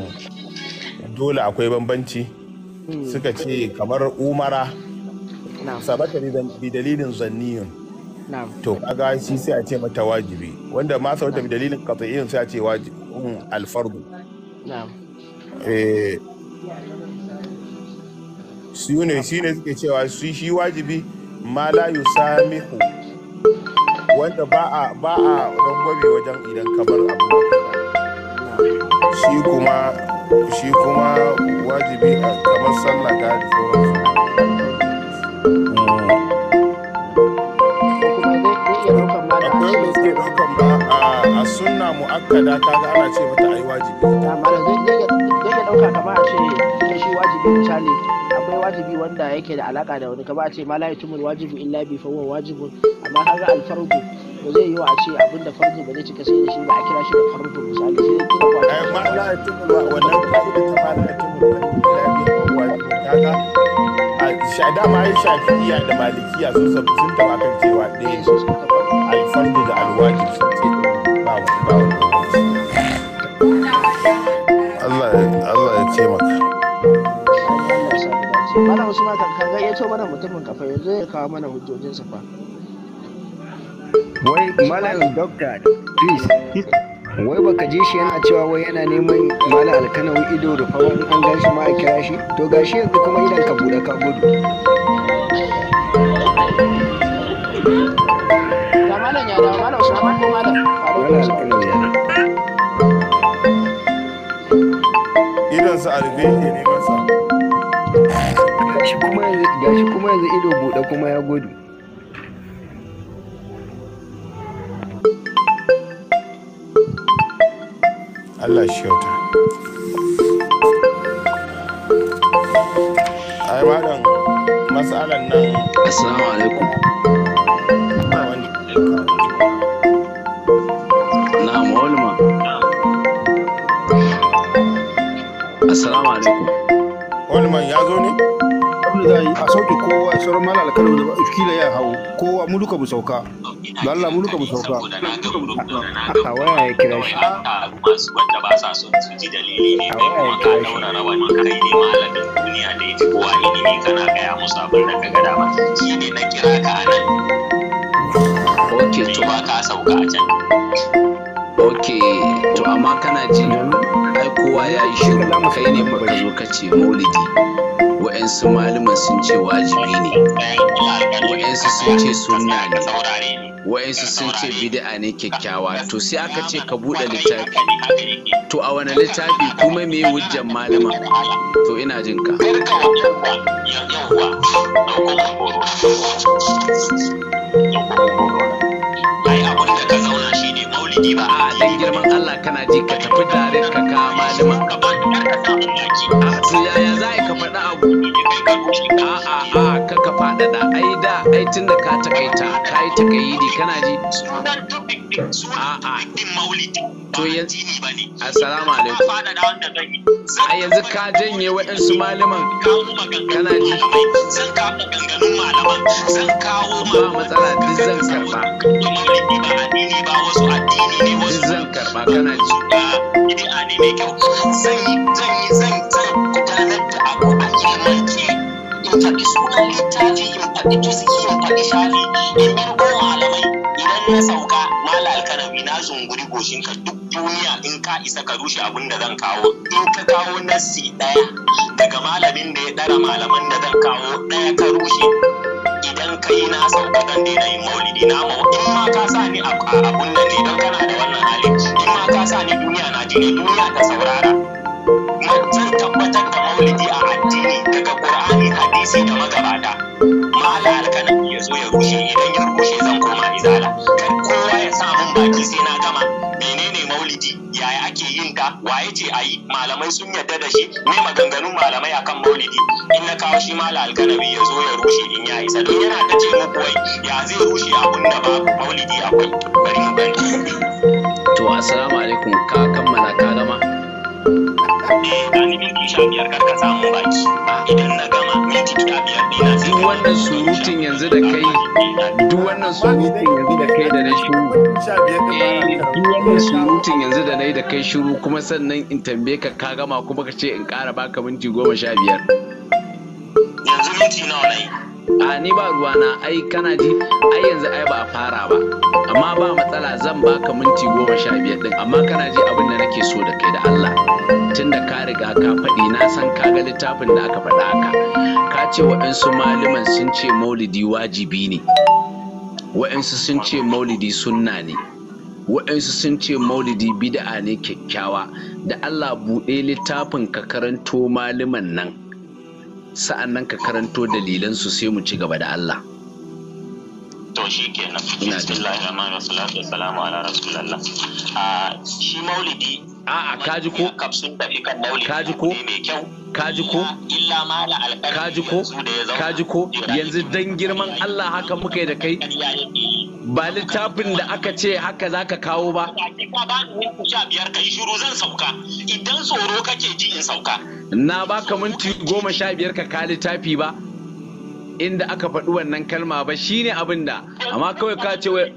dole akwai bambanci hmm. suka ce kamar umara sabata bi dalilin zanniyun to kaga shi sai a ce mata wajibi wanda ma sabata bi dalilin qat'iyyin sai a ce wajibin alfardu eh su ne suke cewa su shi wajibi ma la yusamihu wanda ba a ba a rangwame wajen idan ka bar abu shi kuma shi kuma wajibi a kamar sallah ga da sauransu ba a sunna mu'akkada ga ana ce mata ai wajibi ɗauka kamar a ce ta shi wajibi misali akwai wajibi wanda yake da alaka da wani kamar a ce ma tumur wajibi illa bi fa huwa amma har al ba zai yi wa a ce abinda da ba zai cika sai da shi ba a kira shi da fardu misali sai da kira kwata ai ma wannan illa bi fa huwa wajibun kaga a shaida ma ai da malikiya sun sun taba kan cewa da al wasu ma kan ya mana mutumin kafa yanzu ya kawo mana hujjojinsa fa wai malam doctor please wai baka ji shi yana cewa wai yana neman malam alkanawi ido rufa wani an gashi ma a kira shi to gashi yanzu kuma idan ka bude ka gudu malam ya dawo malam malam idan su ne gashi kuma yanzu kuma yanzu ido bude kuma ya gudu Allah shi yauta ai madan masalan nan assalamu alaikum assalamu alaikum Wani man ya zo ne? da za a yi a sauke kowa sauran mala da kila ya hau kowa mu duka mu sauka da mu duka mu sauka a waya ya kira shi masu wanda ya kana gaya musu abin da ka shi ne ok to ba ka a can ok to amma kana jin ai kowa ya yi shiru kai ne ka zo ka ce maulidi Wa'ansu malaman sun ce wajibi ne wa'ansu sun ce sunna ne wa'yansu sun ce bid'a ne kyakkyawa to sai aka ce ka buɗe littafi to a wani littafi kuma me wujjan malama to ina jin ka a dan girman Allah kana ji ka tafi tare ka kama malaman a'a a kaka faɗaɗa ai da ai da ka takaita ka yi takayidi kana ji a'a to yanzu assalamu alaikum a yanzu ka janye waɗansu malaman kana ji zan kawo maganganun malaman zan matsala duk zan ba addini ba wasu addini ne wasu ji zan yi zan yi zan zan abu a in faɗi sunan littafi in faɗi juz'i in faɗi shafi in kirgo malamai idan na sauka mala alkanawi na zunguri goshinka duk duniya in ka isa ka rushe abin da zan kawo in ka kawo nassi ɗaya daga malamin da ya ɗara malaman da zan kawo ɗaya ka rushe idan ka yi na sauka zan daina yin maulidi na mawa in ma ka sa ni a nan ne don kana da wannan halin in ma ka sa ni duniya na ji ne duniya ta saurara zan tabbatar da maulidi a hadisi ta magabata mala alkanan ya zo ya rushe idan ya rushe zan koma izala kai kowa ya sa mun baki sai na gama menene maulidi yaya ake yin ta waye ce a yi malamai sun yarda da shi ne maganganun malamai akan maulidi in na kawo shi mala alkanabi ya zo ya rushe in ya isa don yana ta ce muku wai ya zai rushe abun da babu maulidi akwai bari mu gani to assalamu alaikum ka kammala ka na ni minti sha biyar kar ka samu baki idan na gama minti sha biyar dina sai duk wannan surutun yanzu da kai duk wannan surutun yanzu da kai da na shiru duk wannan surutun yanzu da na eh, da kai shiru kuma sannan in tambaye ka ka gama kuma ka ce in ƙara baka minti goma sha biyar yanzu minti nawa na yi a ni ba ruwana ai kana ji ai yanzu ai ba a fara ba amma ba matsala zan baka minti goma sha biyar din amma kana ji abin da nake so da kai da Allah lokacin da ka riga ka faɗi na san ka ga littafin da aka faɗa haka ka ce waɗansu maliman sun ce maulidi wajibi ne waɗansu sun ce maulidi sunna ne waɗansu sun ce maulidi bida'a ne kyakkyawa da Allah buɗe littafin ka karanto maliman nan sa'an nan ka karanto dalilansu sai mu ci gaba da Allah. to shi kenan bismillahir rahmanir rahim salatu wassalamu ala rasulillah ah, shi maulidi a'a kaji ko kaji ko kaji ko kaji ko kaji ko yanzu dan girman Allah haka muka yi da kai ba littafin da aka ce haka za ka kawo ba idan tsoro kake ji in sauka na baka minti goma sha biyar ka ka littafi ba inda aka faɗi wannan kalma ba shine abin da amma kawai ka ce wai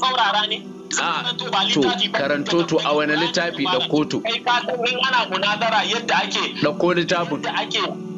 saurara ne to karanto to a wani littafi da kotu. Kai ka san ana munazara yadda ake. Da ko littafin.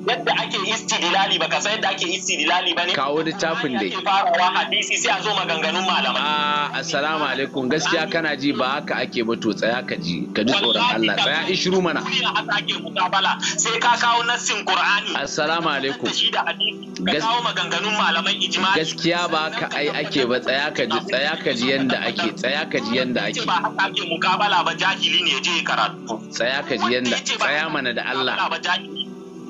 yadda ake istidlali ba ka san yadda ake istidlali ba ne kawo tafin dai farawa hadisi sai a zo maganganun malamai a ah, assalamu alaikum gaskiya kana ji ba haka ake ba to tsaya ka ji ka ji tsoron Allah tsaya ishiru mana haka ake mukabala sai ka kawo nassin qur'ani assalamu alaikum ka kawo maganganun malamai ijma'i gaskiya ba haka ai ake ba tsaya ka ji tsaya ka ji yanda ake tsaya ka ji yanda ake ba haka ake mukabala ba jahili ne je karatu tsaya ka ji yanda tsaya mana da Allah ba jahili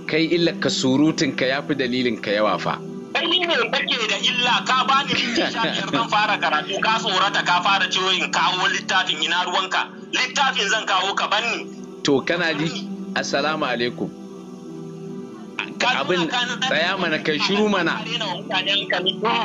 kai illa ka surutun ka yafi dalilin ka yawa fa kai ne kake da illa ka bani minti sha biyar zan fara karatu ka tsorata ka fara ciwon in kawo littafin ina ruwanka littafin zan kawo ka banni to kana ji assalamu alaikum abin tsaya mana kai shiru mana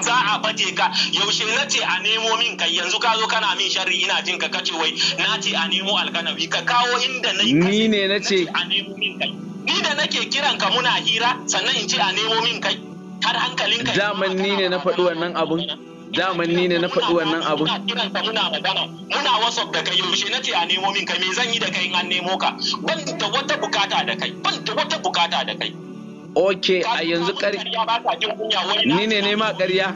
za a baje ka yaushe na ce a nemo min kai yanzu ka zo kana min sharri ina jin ka kace wai na ce a nemo alkanawi ka kawo inda na yi ni ne na ce a nemo min kai ni da nake kiran ka muna hira sannan in ci a nemo min kai har hankalin kai. daman ni ne na faɗi wannan abun daman ni ne na faɗi wannan abun muna kiran ka muna magana muna whatsapp da kai yaushe nace a nemo min kai me zan yi da kai in an nemo ka ban da wata bukata da kai ban da wata bukata da kai Ok, a yanzu ƙarya. Ni ne nema ƙarya.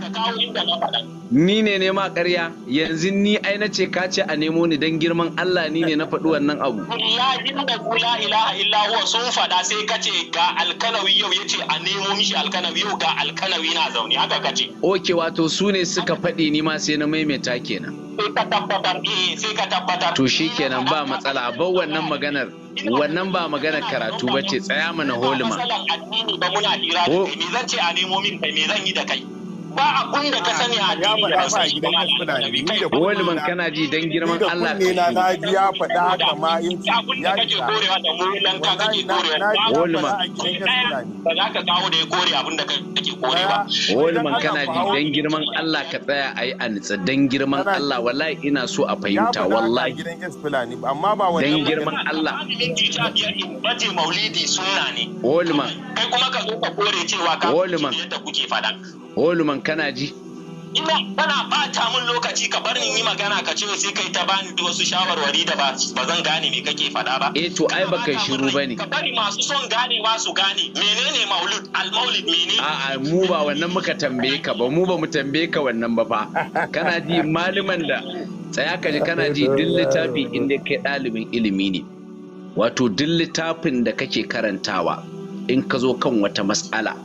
ni ne ne ma ƙarya yanzu ni ai na ce ka ce a nemo ni dan girman Allah ni ne na faɗi wannan abu wallahi inda ku la ilaha illa huwa sun faɗa sai ka ce ga alkanawi yau yace a nemo mishi alkanawi yau ga alkanawi na zaune haka ka ce oke wato su ne suka faɗi ni ma sai na maimaita kenan sai ka tabbatar eh sai ka tabbatar to ba matsala ba wannan maganar wannan ba maganar karatu bace tsaya mana holima ba muna hira me zan ce a nemo min kai me zan yi da kai ba abun da ka sani a jami'ar da ba gidan yaskuna ne ni da wani man kana ji dan girman Allah ne na na ji ya faɗa haka ma in ya kace korewa da mu dan ka kake korewa wani man ba za ka kawo da ya kore abun da kake gore ba wani man kana ji dan girman Allah ka tsaya ayi a nitsa dan girman Allah wallahi ina so a fahimta wallahi gidan amma ba wani dan girman Allah baje maulidi sunna ne wani man kai kuma ka zo ka gore cewa ka yadda kuke faɗa wani man kana ji ina kana bata mun lokaci ka bar ni yi magana ka ce sai kai ta bani wasu shawarwari da ba zan gane me kake faɗa ba eh to ai baka shiru bane ka bari masu son gane wa su gane menene maulud al maulid menene a'a mu ba wannan muka tambaye ka ba mu ba mu tambaye ka wannan ba fa kana ji maliman da tsaya ka ji kana ji duk littafi inda kai ɗalibin ilimi ne wato duk littafin da kake karantawa in ka zo kan wata mas'ala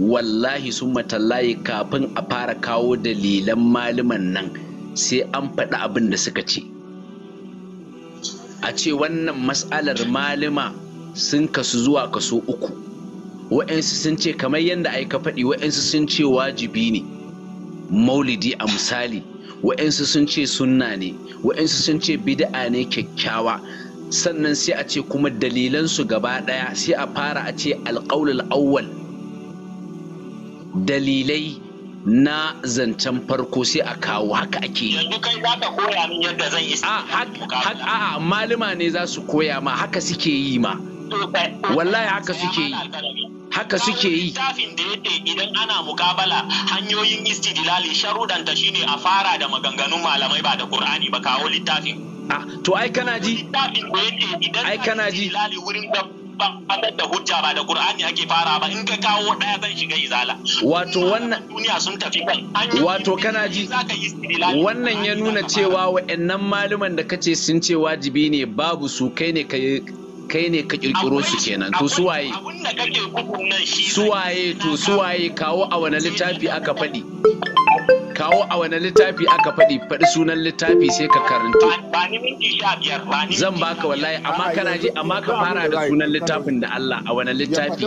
wallahi sun matallahi kafin a fara kawo dalilan maliman nan sai an faɗi abin da suka ce a ce wannan matsalar malima sun kasu zuwa kaso uku wa'insu sun ce kamar yadda aika faɗi wa'insu sun ce wajibi ne maulidi a misali wa'insu sun ce sunna ne wa'insu sun ce bid'a ne kyakkyawa sannan sai a ce kuma dalilansu gaba ɗaya sai a fara a ce alƙaulul awwal dalilai na zancen farko sai a kawo haka ake yi. Yanzu kai za ka koya min yadda zan yi ah, A a malama ne za su koya ma haka suke yi ma. Wallahi haka suke yi. Haka suke yi. Littafin da yake idan ana mukabala hanyoyin istidlali sharudanta shine a fara da maganganun malamai ba da Qur'ani ba kawo littafin. A ah, to ai kana ji? Ai kana ji? Wurin ban faɗar da hujja ba da Qur'ani ake fara ba in ka kawo ɗaya zan shiga izala wato wannan duniya sun tafi wato kana ji wannan ya nuna cewa wa'annan maluman da kace sun ce wajibi ne babu su kai ne kai kai ne ka kirkiro su kenan to suwaye suwaye to suwaye kawo a wani littafi aka faɗi kawo a wani littafi aka faɗi faɗi sunan littafi sai ka karanto zan baka wallahi amma kana ji amma ka fara da sunan littafin da Allah a wani littafi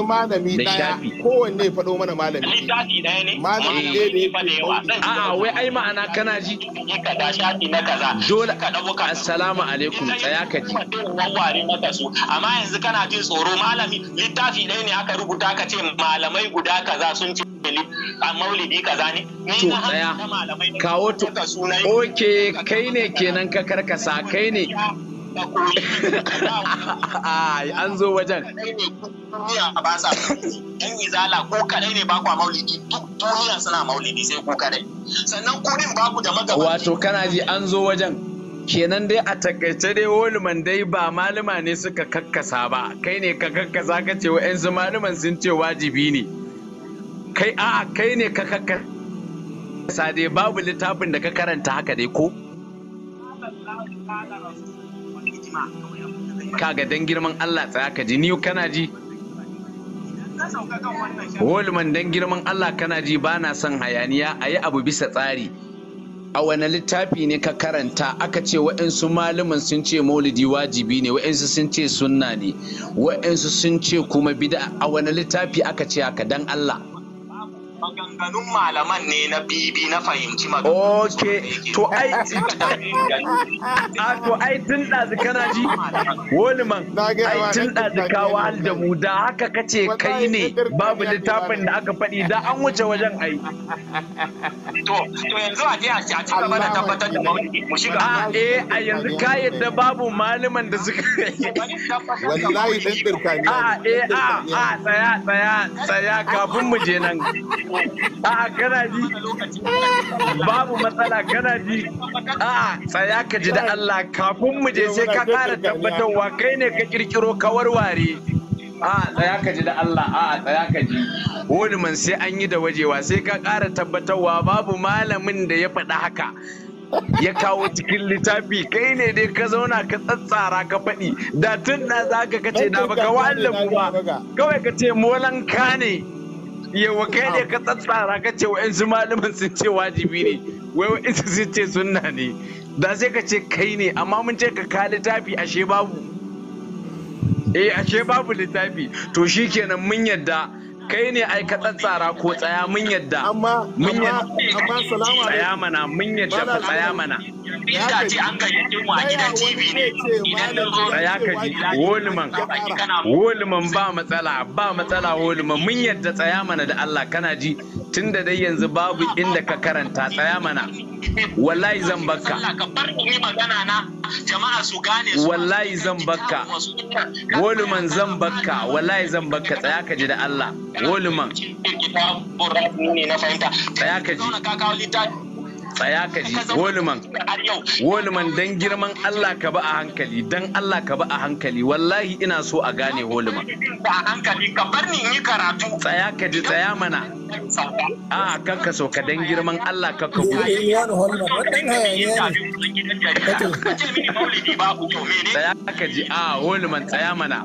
da shafi kowanne faɗo mana malami littafi ɗaya ne malami ne da ya a'a wai ai ma'ana kana ji ka da shafi na kaza dole ka dawo ka assalamu alaikum tsaya ka ji wawware maka su amma yanzu kana jin tsoro malami littafi ɗaya ne aka rubuta ka ce malamai guda kaza sun ce maulidi kawo to oke kai ne kenan ka karkasa kai ne wato kana ji an zo wajen kenan dai a takaice dai woluman dai ba malama ne suka kakkasa ba kai ne ka kakkasa ka ce wa'yansu malaman sun ce wajibi ne kai a kai ne ka kakka sade babu littafin da ka karanta haka dai ko kaga dan girman Allah tsaya ka ji ni kana ji Holman dan girman Allah kana ji ba na son hayaniya a yi abu bisa tsari a wani littafi ne ka karanta aka ce wa'insu malaman sun ce maulidi wajibi ne wa'insu sun ce sunna ne wa'insu sun ce kuma bida a wani littafi aka ce haka dan Allah maganganun malaman ne na bibi na fahimci maganganun ok to ai [laughs] [laughs] a to ai tun ɗazu kana ji wani man ai tun ɗazu kawa wahal da mu da haka kace kai ne babu littafin da aka faɗi da an wuce wajen ai [laughs] to to yanzu a je a ci gaba da tabbatar da maulidi mu shiga eh a yanzu ka yadda babu malaman da suka wallahi dan dirka ne a eh a a tsaya tsaya tsaya kafin mu je nan a'a kana ji babu matsala kana ji a'a tsaya ka ji da Allah kafin mu je sai ka kara tabbatarwa kai ne ka kirkiro ka warware a'a tsaya ka ji da Allah a'a tsaya ka ji wani man sai an yi da wajewa sai ka kara tabbatarwa babu malamin da ya faɗa haka ya kawo cikin littafi kai ne dai ka zauna ka tsatsara ka faɗi da tun na za kace na baka wa'anda ba kawai ka ce molan ka ne yawa kai ne ka tsatsara ka ce wa'yansu malaman sun ce wajibi ne wai wa'yansu sun ce sunna ne da sai ka ce kai ne amma mun ce ka ka littafi ashe babu eh ashe babu littafi to shi kenan mun yadda kai ne ai ka tsatsara ko tsaya mun yadda amma mun yadda tsaya mana mun yadda tsaya mana inda ce an gayyace mu a gidan TV ne idan na zo ya ka woliman woliman ba matsala ba matsala woliman mun yadda tsaya mana da Allah kana ji tunda dai yanzu babu inda ka karanta tsaya mana wallahi zan bakka wallahi zan bakka woluman zan bakka wallahi zan bakka tsaya ka ji da Allah woluman tsaya ka ji tsaya ka ji woluman woluman dan girman Allah ka ba a hankali dan Allah ka ba a hankali wallahi ina so a gane woluman Ka bar ni karatu. tsaya ka ji tsaya mana a kan ka so ka dan girman Allah ka ka tsaya ka ji a woluman tsaya mana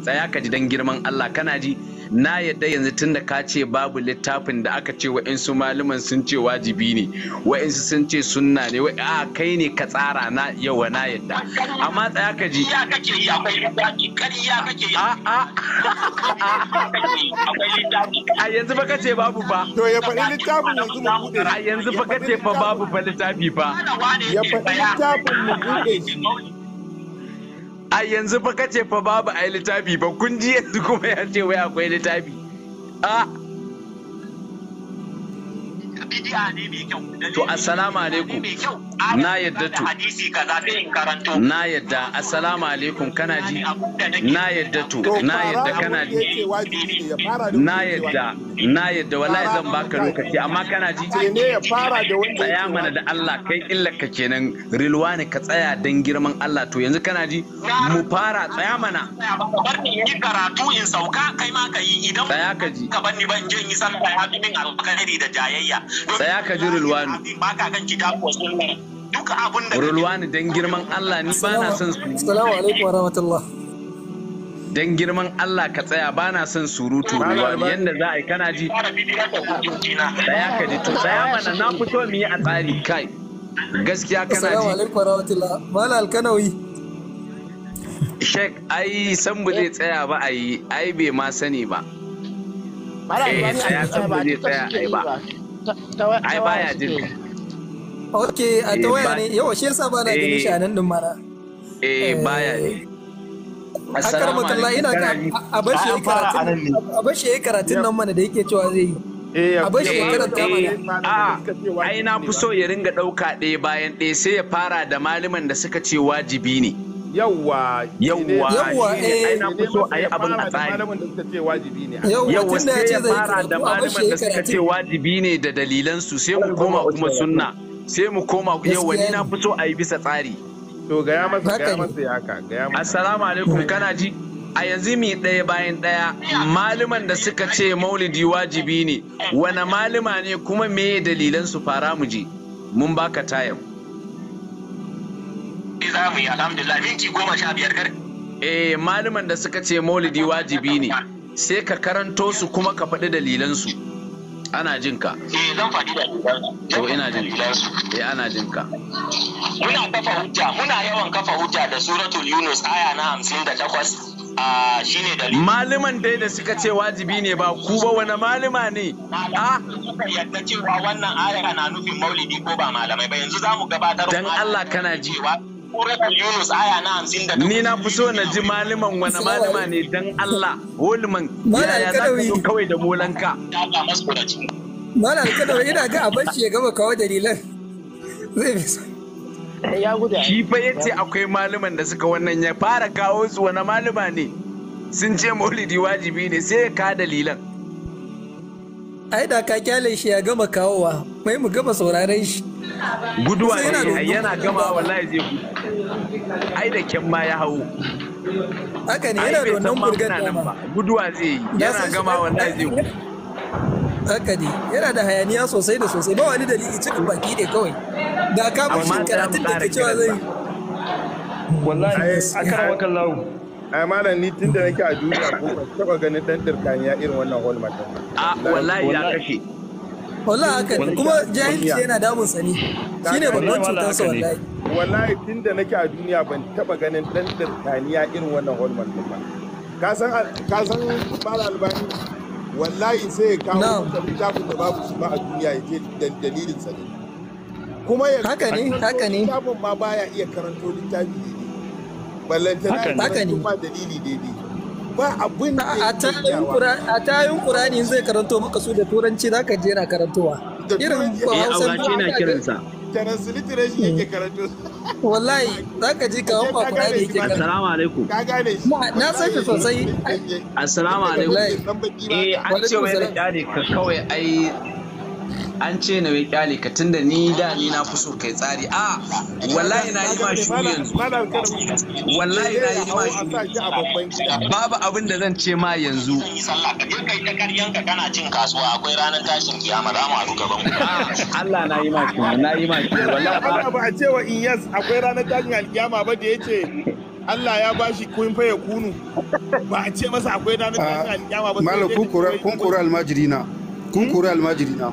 tsaya ka ji dan girman Allah kana ji na yadda yanzu tun da ka ce babu littafin da aka ce wa'insu malaman sun ce wajibi ne wa'insu sun ce sunna ne a kai ne ka tsara na yau na yadda amma tsaya ka ji ya kake yi akwai littafi ya kake yi a a a yanzu ba ka ce babu ba to ya faɗi littafin yanzu mu bude a yanzu ba ka ce fa babu fa littafi fa ya faɗi littafin mu bude a yanzu fa kace fa babu ai littafi ba kun ji yanzu kuma ya ce wai akwai littafi a to assalamu alaikum na yadda tu na yadda assalamu alaikum kana ji na yadda tu na yadda kana ji na yadda na yadda wallahi zan baka lokaci amma kana ji tsaya mana da Allah kai illaka ka kenan rilwani ka tsaya dan girman Allah to yanzu kana ji mu fara tsaya mana bar ni yi karatu in sauka kai ma ka yi idan tsaya ka ji ka banni ban je yi sallah ya fi min alƙairi da jayayya tsaya ka ji rilwani ba ka kan da ko duka abin dan girman Allah ni ba son su Assalamu girman Allah ka tsaya ba na son surutu ruwa. yanda za a yi kana ji ya ka ji to tsaya mana na fito mu yi a tsari kai gaskiya kana ji Assalamu alaikum Alkanawi Sheikh ai san ba zai tsaya ba a yi ai bai ma sani ba. Eh, ya san ba zai tsaya ai ba. Ai baya jin. ok a eh, ta waya ne Yau shi yasa ba na ganin shi a nan din mana eh baya ne eh, akar matalla ina ka a bar shi karatun a bar shi karatun nan mana da yake cewa zai yi eh, a bar shi karanta mana ah, a ai na fi so ya ringa ɗauka ɗaya bayan ɗaya sai ya fara da malaman da suka ce wajibi ne yawwa yawwa yawwa eh na so a yi abin a tsari yawwa sai ya fara da malaman da suka ce wajibi ne da dalilansu sai ku koma kuma sunna sai mu koma yau wani na fi so a yi bisa tsari to gaya masa gaya masa ya haka gaya masa assalamu alaikum kana ji a yanzu mi ɗaya bayan ɗaya maliman da suka ce maulidi wajibi ne wane malima ne kuma me dalilan su fara mu je mun baka tayan za mu yi alhamdulillah minti goma sha biyar kar eh maliman da suka ce maulidi wajibi ne sai ka karanto su kuma ka faɗi dalilan su ana jin ka eh zan faɗi da to ina jin eh ana jin ka muna kafa hujja muna yawan kafa hujja da suratul yunus aya na 58 a ah, shine dalili maliman dai da suka ce wajibi ne ba ku ba wani malima ne ah. a yadda cewa wannan aya na nufin maulidi ko ba malamai ba yanzu zamu gabatar dan Allah kana ji Yunus aya na hamsin da Ni na fi so na ji maliman wani malima ne dan Allah holiman yaya za ka zo kawai da molanka. Mala alkadawi ina ga a bashi ya gama kawo dalilan. Zai fi so. Eh, shi fa ya ce akwai maliman da suka wannan ya fara kawo su wani malima ne. Sun ce maulidi wajibi ne sai ya ka dalilan. Ai da ka kyale shi ya gama kawowa, mai mu gama sauraren shi. guduwa yana gama wallahi zai gudu ai da kyan ma ya hau haka ne yana da wannan burgar dama guduwa zai yi yana gama wallahi zai gudu haka ne yana da hayaniya sosai da sosai ba wani dalili cikin baki ne kawai da ka bashi karatun da ke cewa zai wallahi akara wakan lawo a malam ni tun da nake a duniya ko taba ganin dan irin wannan hall a wallahi ya kashe wallahi haka kuma jahilci yana damun sani shine babban cutar sa wallahi wallahi tunda nake a duniya ban taba ganin dan dirkaniya irin wannan holman din ba ka san ka san mala albani wallahi sai ya kawo littafin da babu shi ba a duniya ya ce dalilin sa ne kuma ya haka ne haka ne littafin ma baya iya karanto littafi ballantana haka ne ba dalili daidai ba abin da a tayin ƙurani zai karanto maka su da turanci zaka je na karantowa irin ba hausa ba na kiransa transliteration yake hmm. karanto wallahi zaka ji kawo ba kurani yake karanto assalamu alaikum ka gane shi na san shi sosai assalamu eh an ce wai da ka kawai ai an ce na wai kyale ka tunda ni da ni na fi so kai tsari a wallahi na yi ma yanzu wallahi na yi ma babu abin da zan ce ma yanzu kai ta karyan ka kana cin kasuwa akwai ranar tashin kiyama za mu haɗu gaban ah, Allah na yi ma na yi ma shu wallahi ba a ce wa yes akwai ranar tashin alkiyama ba da yace Allah ya bashi kun faye kunu ba a ce masa akwai ranar tashin alkiyama ba malam kun kura almajiri kun kura almajiri na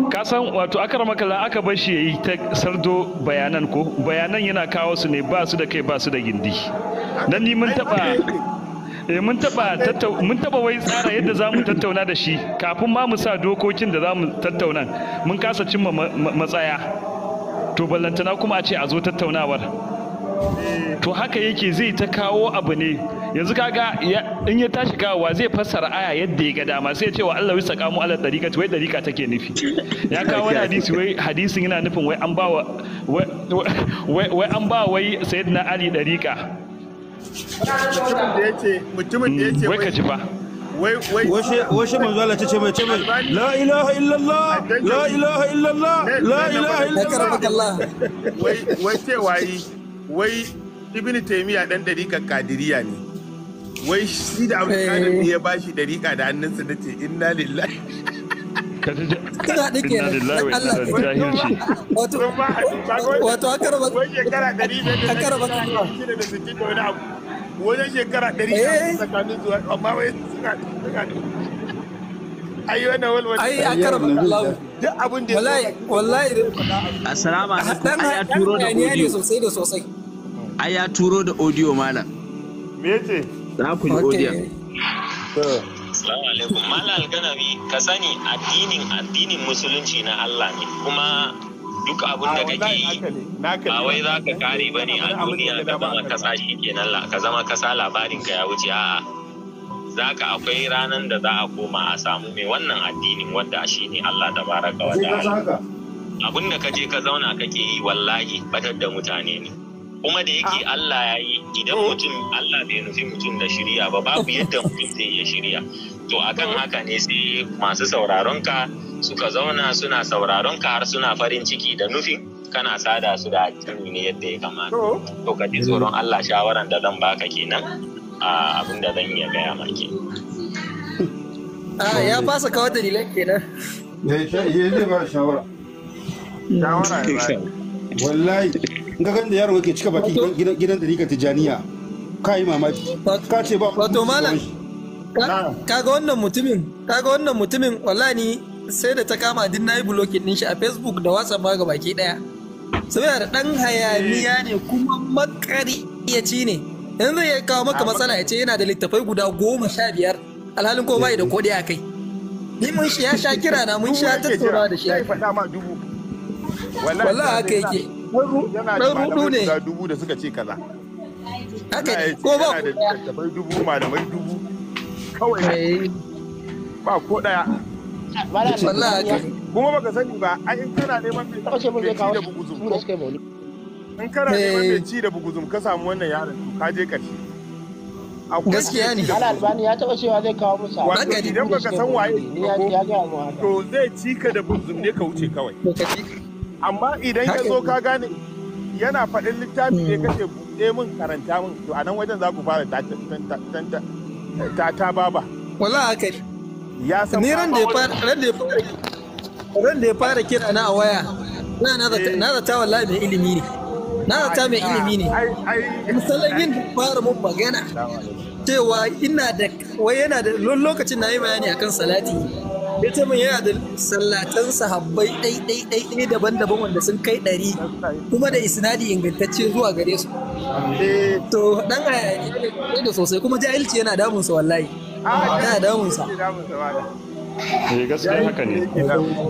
Kasan san wato akaramaka la aka bar shi yayi ta sardo bayanan ko bayanan yana kawo su ne ba su da kai ba su da gindi dan ni mun taba eh, mun taba mun taba wai tsara yadda za tattauna da shi kafin ma mu sa dokokin da za mu tattauna mun kasa cimma matsaya to ballantana kuma a ce a zo tattaunawar to haka yake zai ta kawo abu ne yanzu kaga in ya tashi kawowa zai fassara aya yadda ya ga dama sai ya ce wa Allah wisa kamu Allah dariƙa wai dariƙa take nufi ya kawo wani hadisi wai hadisin yana nufin wai an bawa wai wai an ba wai sayyidina Ali dariƙa mutumin da yace hmm, wai ka ji fa washe manzo Allah ce mai ce mai la ilaha illallah la ilaha illallah la ilaha illallah wai wai ce wai wai ibn taymiya dan dariƙar kadiriya ne wai shi da eh. ne ya shi dariƙa da hannunsa na ce inna lillahi ka ji ina dake Allah jahilci wato wato akara ba shekara 100 akara ba da wani abu wajen shekara da eh. tsakanin zuwa amma wai suka suka ai wannan walwala ai akara ba Allah duk abin da wallahi wallahi assalamu alaikum ai ya turo da audio sosai da sosai ai ya turo da audio malam me yace za ku ji audio Assalamu alaikum Malam Alganawi ka sani addinin addinin musulunci na Allah ne kuma duk abin da kake yi ba wai za ka kare ba ne a duniya ka zama kasa shi kenan ka zama kasa labarin ka ya wuce a'a za ka akwai ranar da za a koma a samu mai wannan addinin wanda shi ne Allah da baraka wa ta'ala abin da ka je ka zauna kake yi wallahi batar da mutane ne kuma da yake ah. Allah ya yi idan eh. mutum Allah bai nufi mutum da shirya ba babu [laughs] yadda mutum zai iya shirya to akan haka ne sai masu sauraron ka suka zauna suna sauraron ka har suna farin ciki da nufin kana sada su da addini ne yadda ya kamata oh. to ka ji tsoron Allah shawaran da zan baka kenan a abin da zan iya gaya maki Ah, ya fasa kawo dalilan kenan ya yi ba shawara shawara wallahi ga ka da yaron yake cika baki gidan da rika tijaniya ka yi mamaki ka ce ba wato malam ka ga wannan mutumin ka ga wannan mutumin wallahi ni sai da ta kama din nayi blocking din shi a Facebook da WhatsApp ma ga baki daya saboda da dan hayaniya ne kuma makari ya ci ne in zai kawo maka matsala ya ce yana da littafai guda goma sha biyar alhalin ko bai da kodi a kai ni mun shi ya sha kira na mun sha tattauna da shi ya faɗa ma dubu wallahi haka yake yana da dubu da suka ce kaza haka ne ko ba da littattafai dubu malamai dubu kawai ba ko daya kuma baka sani ba a in kana neman mai da buguzum in kana neman mai ci da buguzum ka samu wannan yaron to ka je karshe gaskiya ne ana albani ya taba cewa zai kawo wato idan baka san waye to zai cika da buguzum ne ka wuce kawai amma idan ya zo ka gane yana faɗin littafi ne hmm. kace buɗe min karanta min to a nan wajen za ku fara ta ta baba wala haka ya san ni ran da ya fara ran da ya fara kira na a waya na na zata eh. na wallahi mai ilimi ne na zata mai ilimi ne misalan yin fara mun magana cewa ina da wai yana da lokacin na yi bayani akan salati ita yana da sallatan sahabbai ɗai ɗai ɗai daban-daban wanda sun kai ɗari kuma da isnadi ingantacce zuwa gare su to dan hayaniya da sosai kuma jahilci yana damunsa wallahi yana damunsa eh, gaskiya haka ne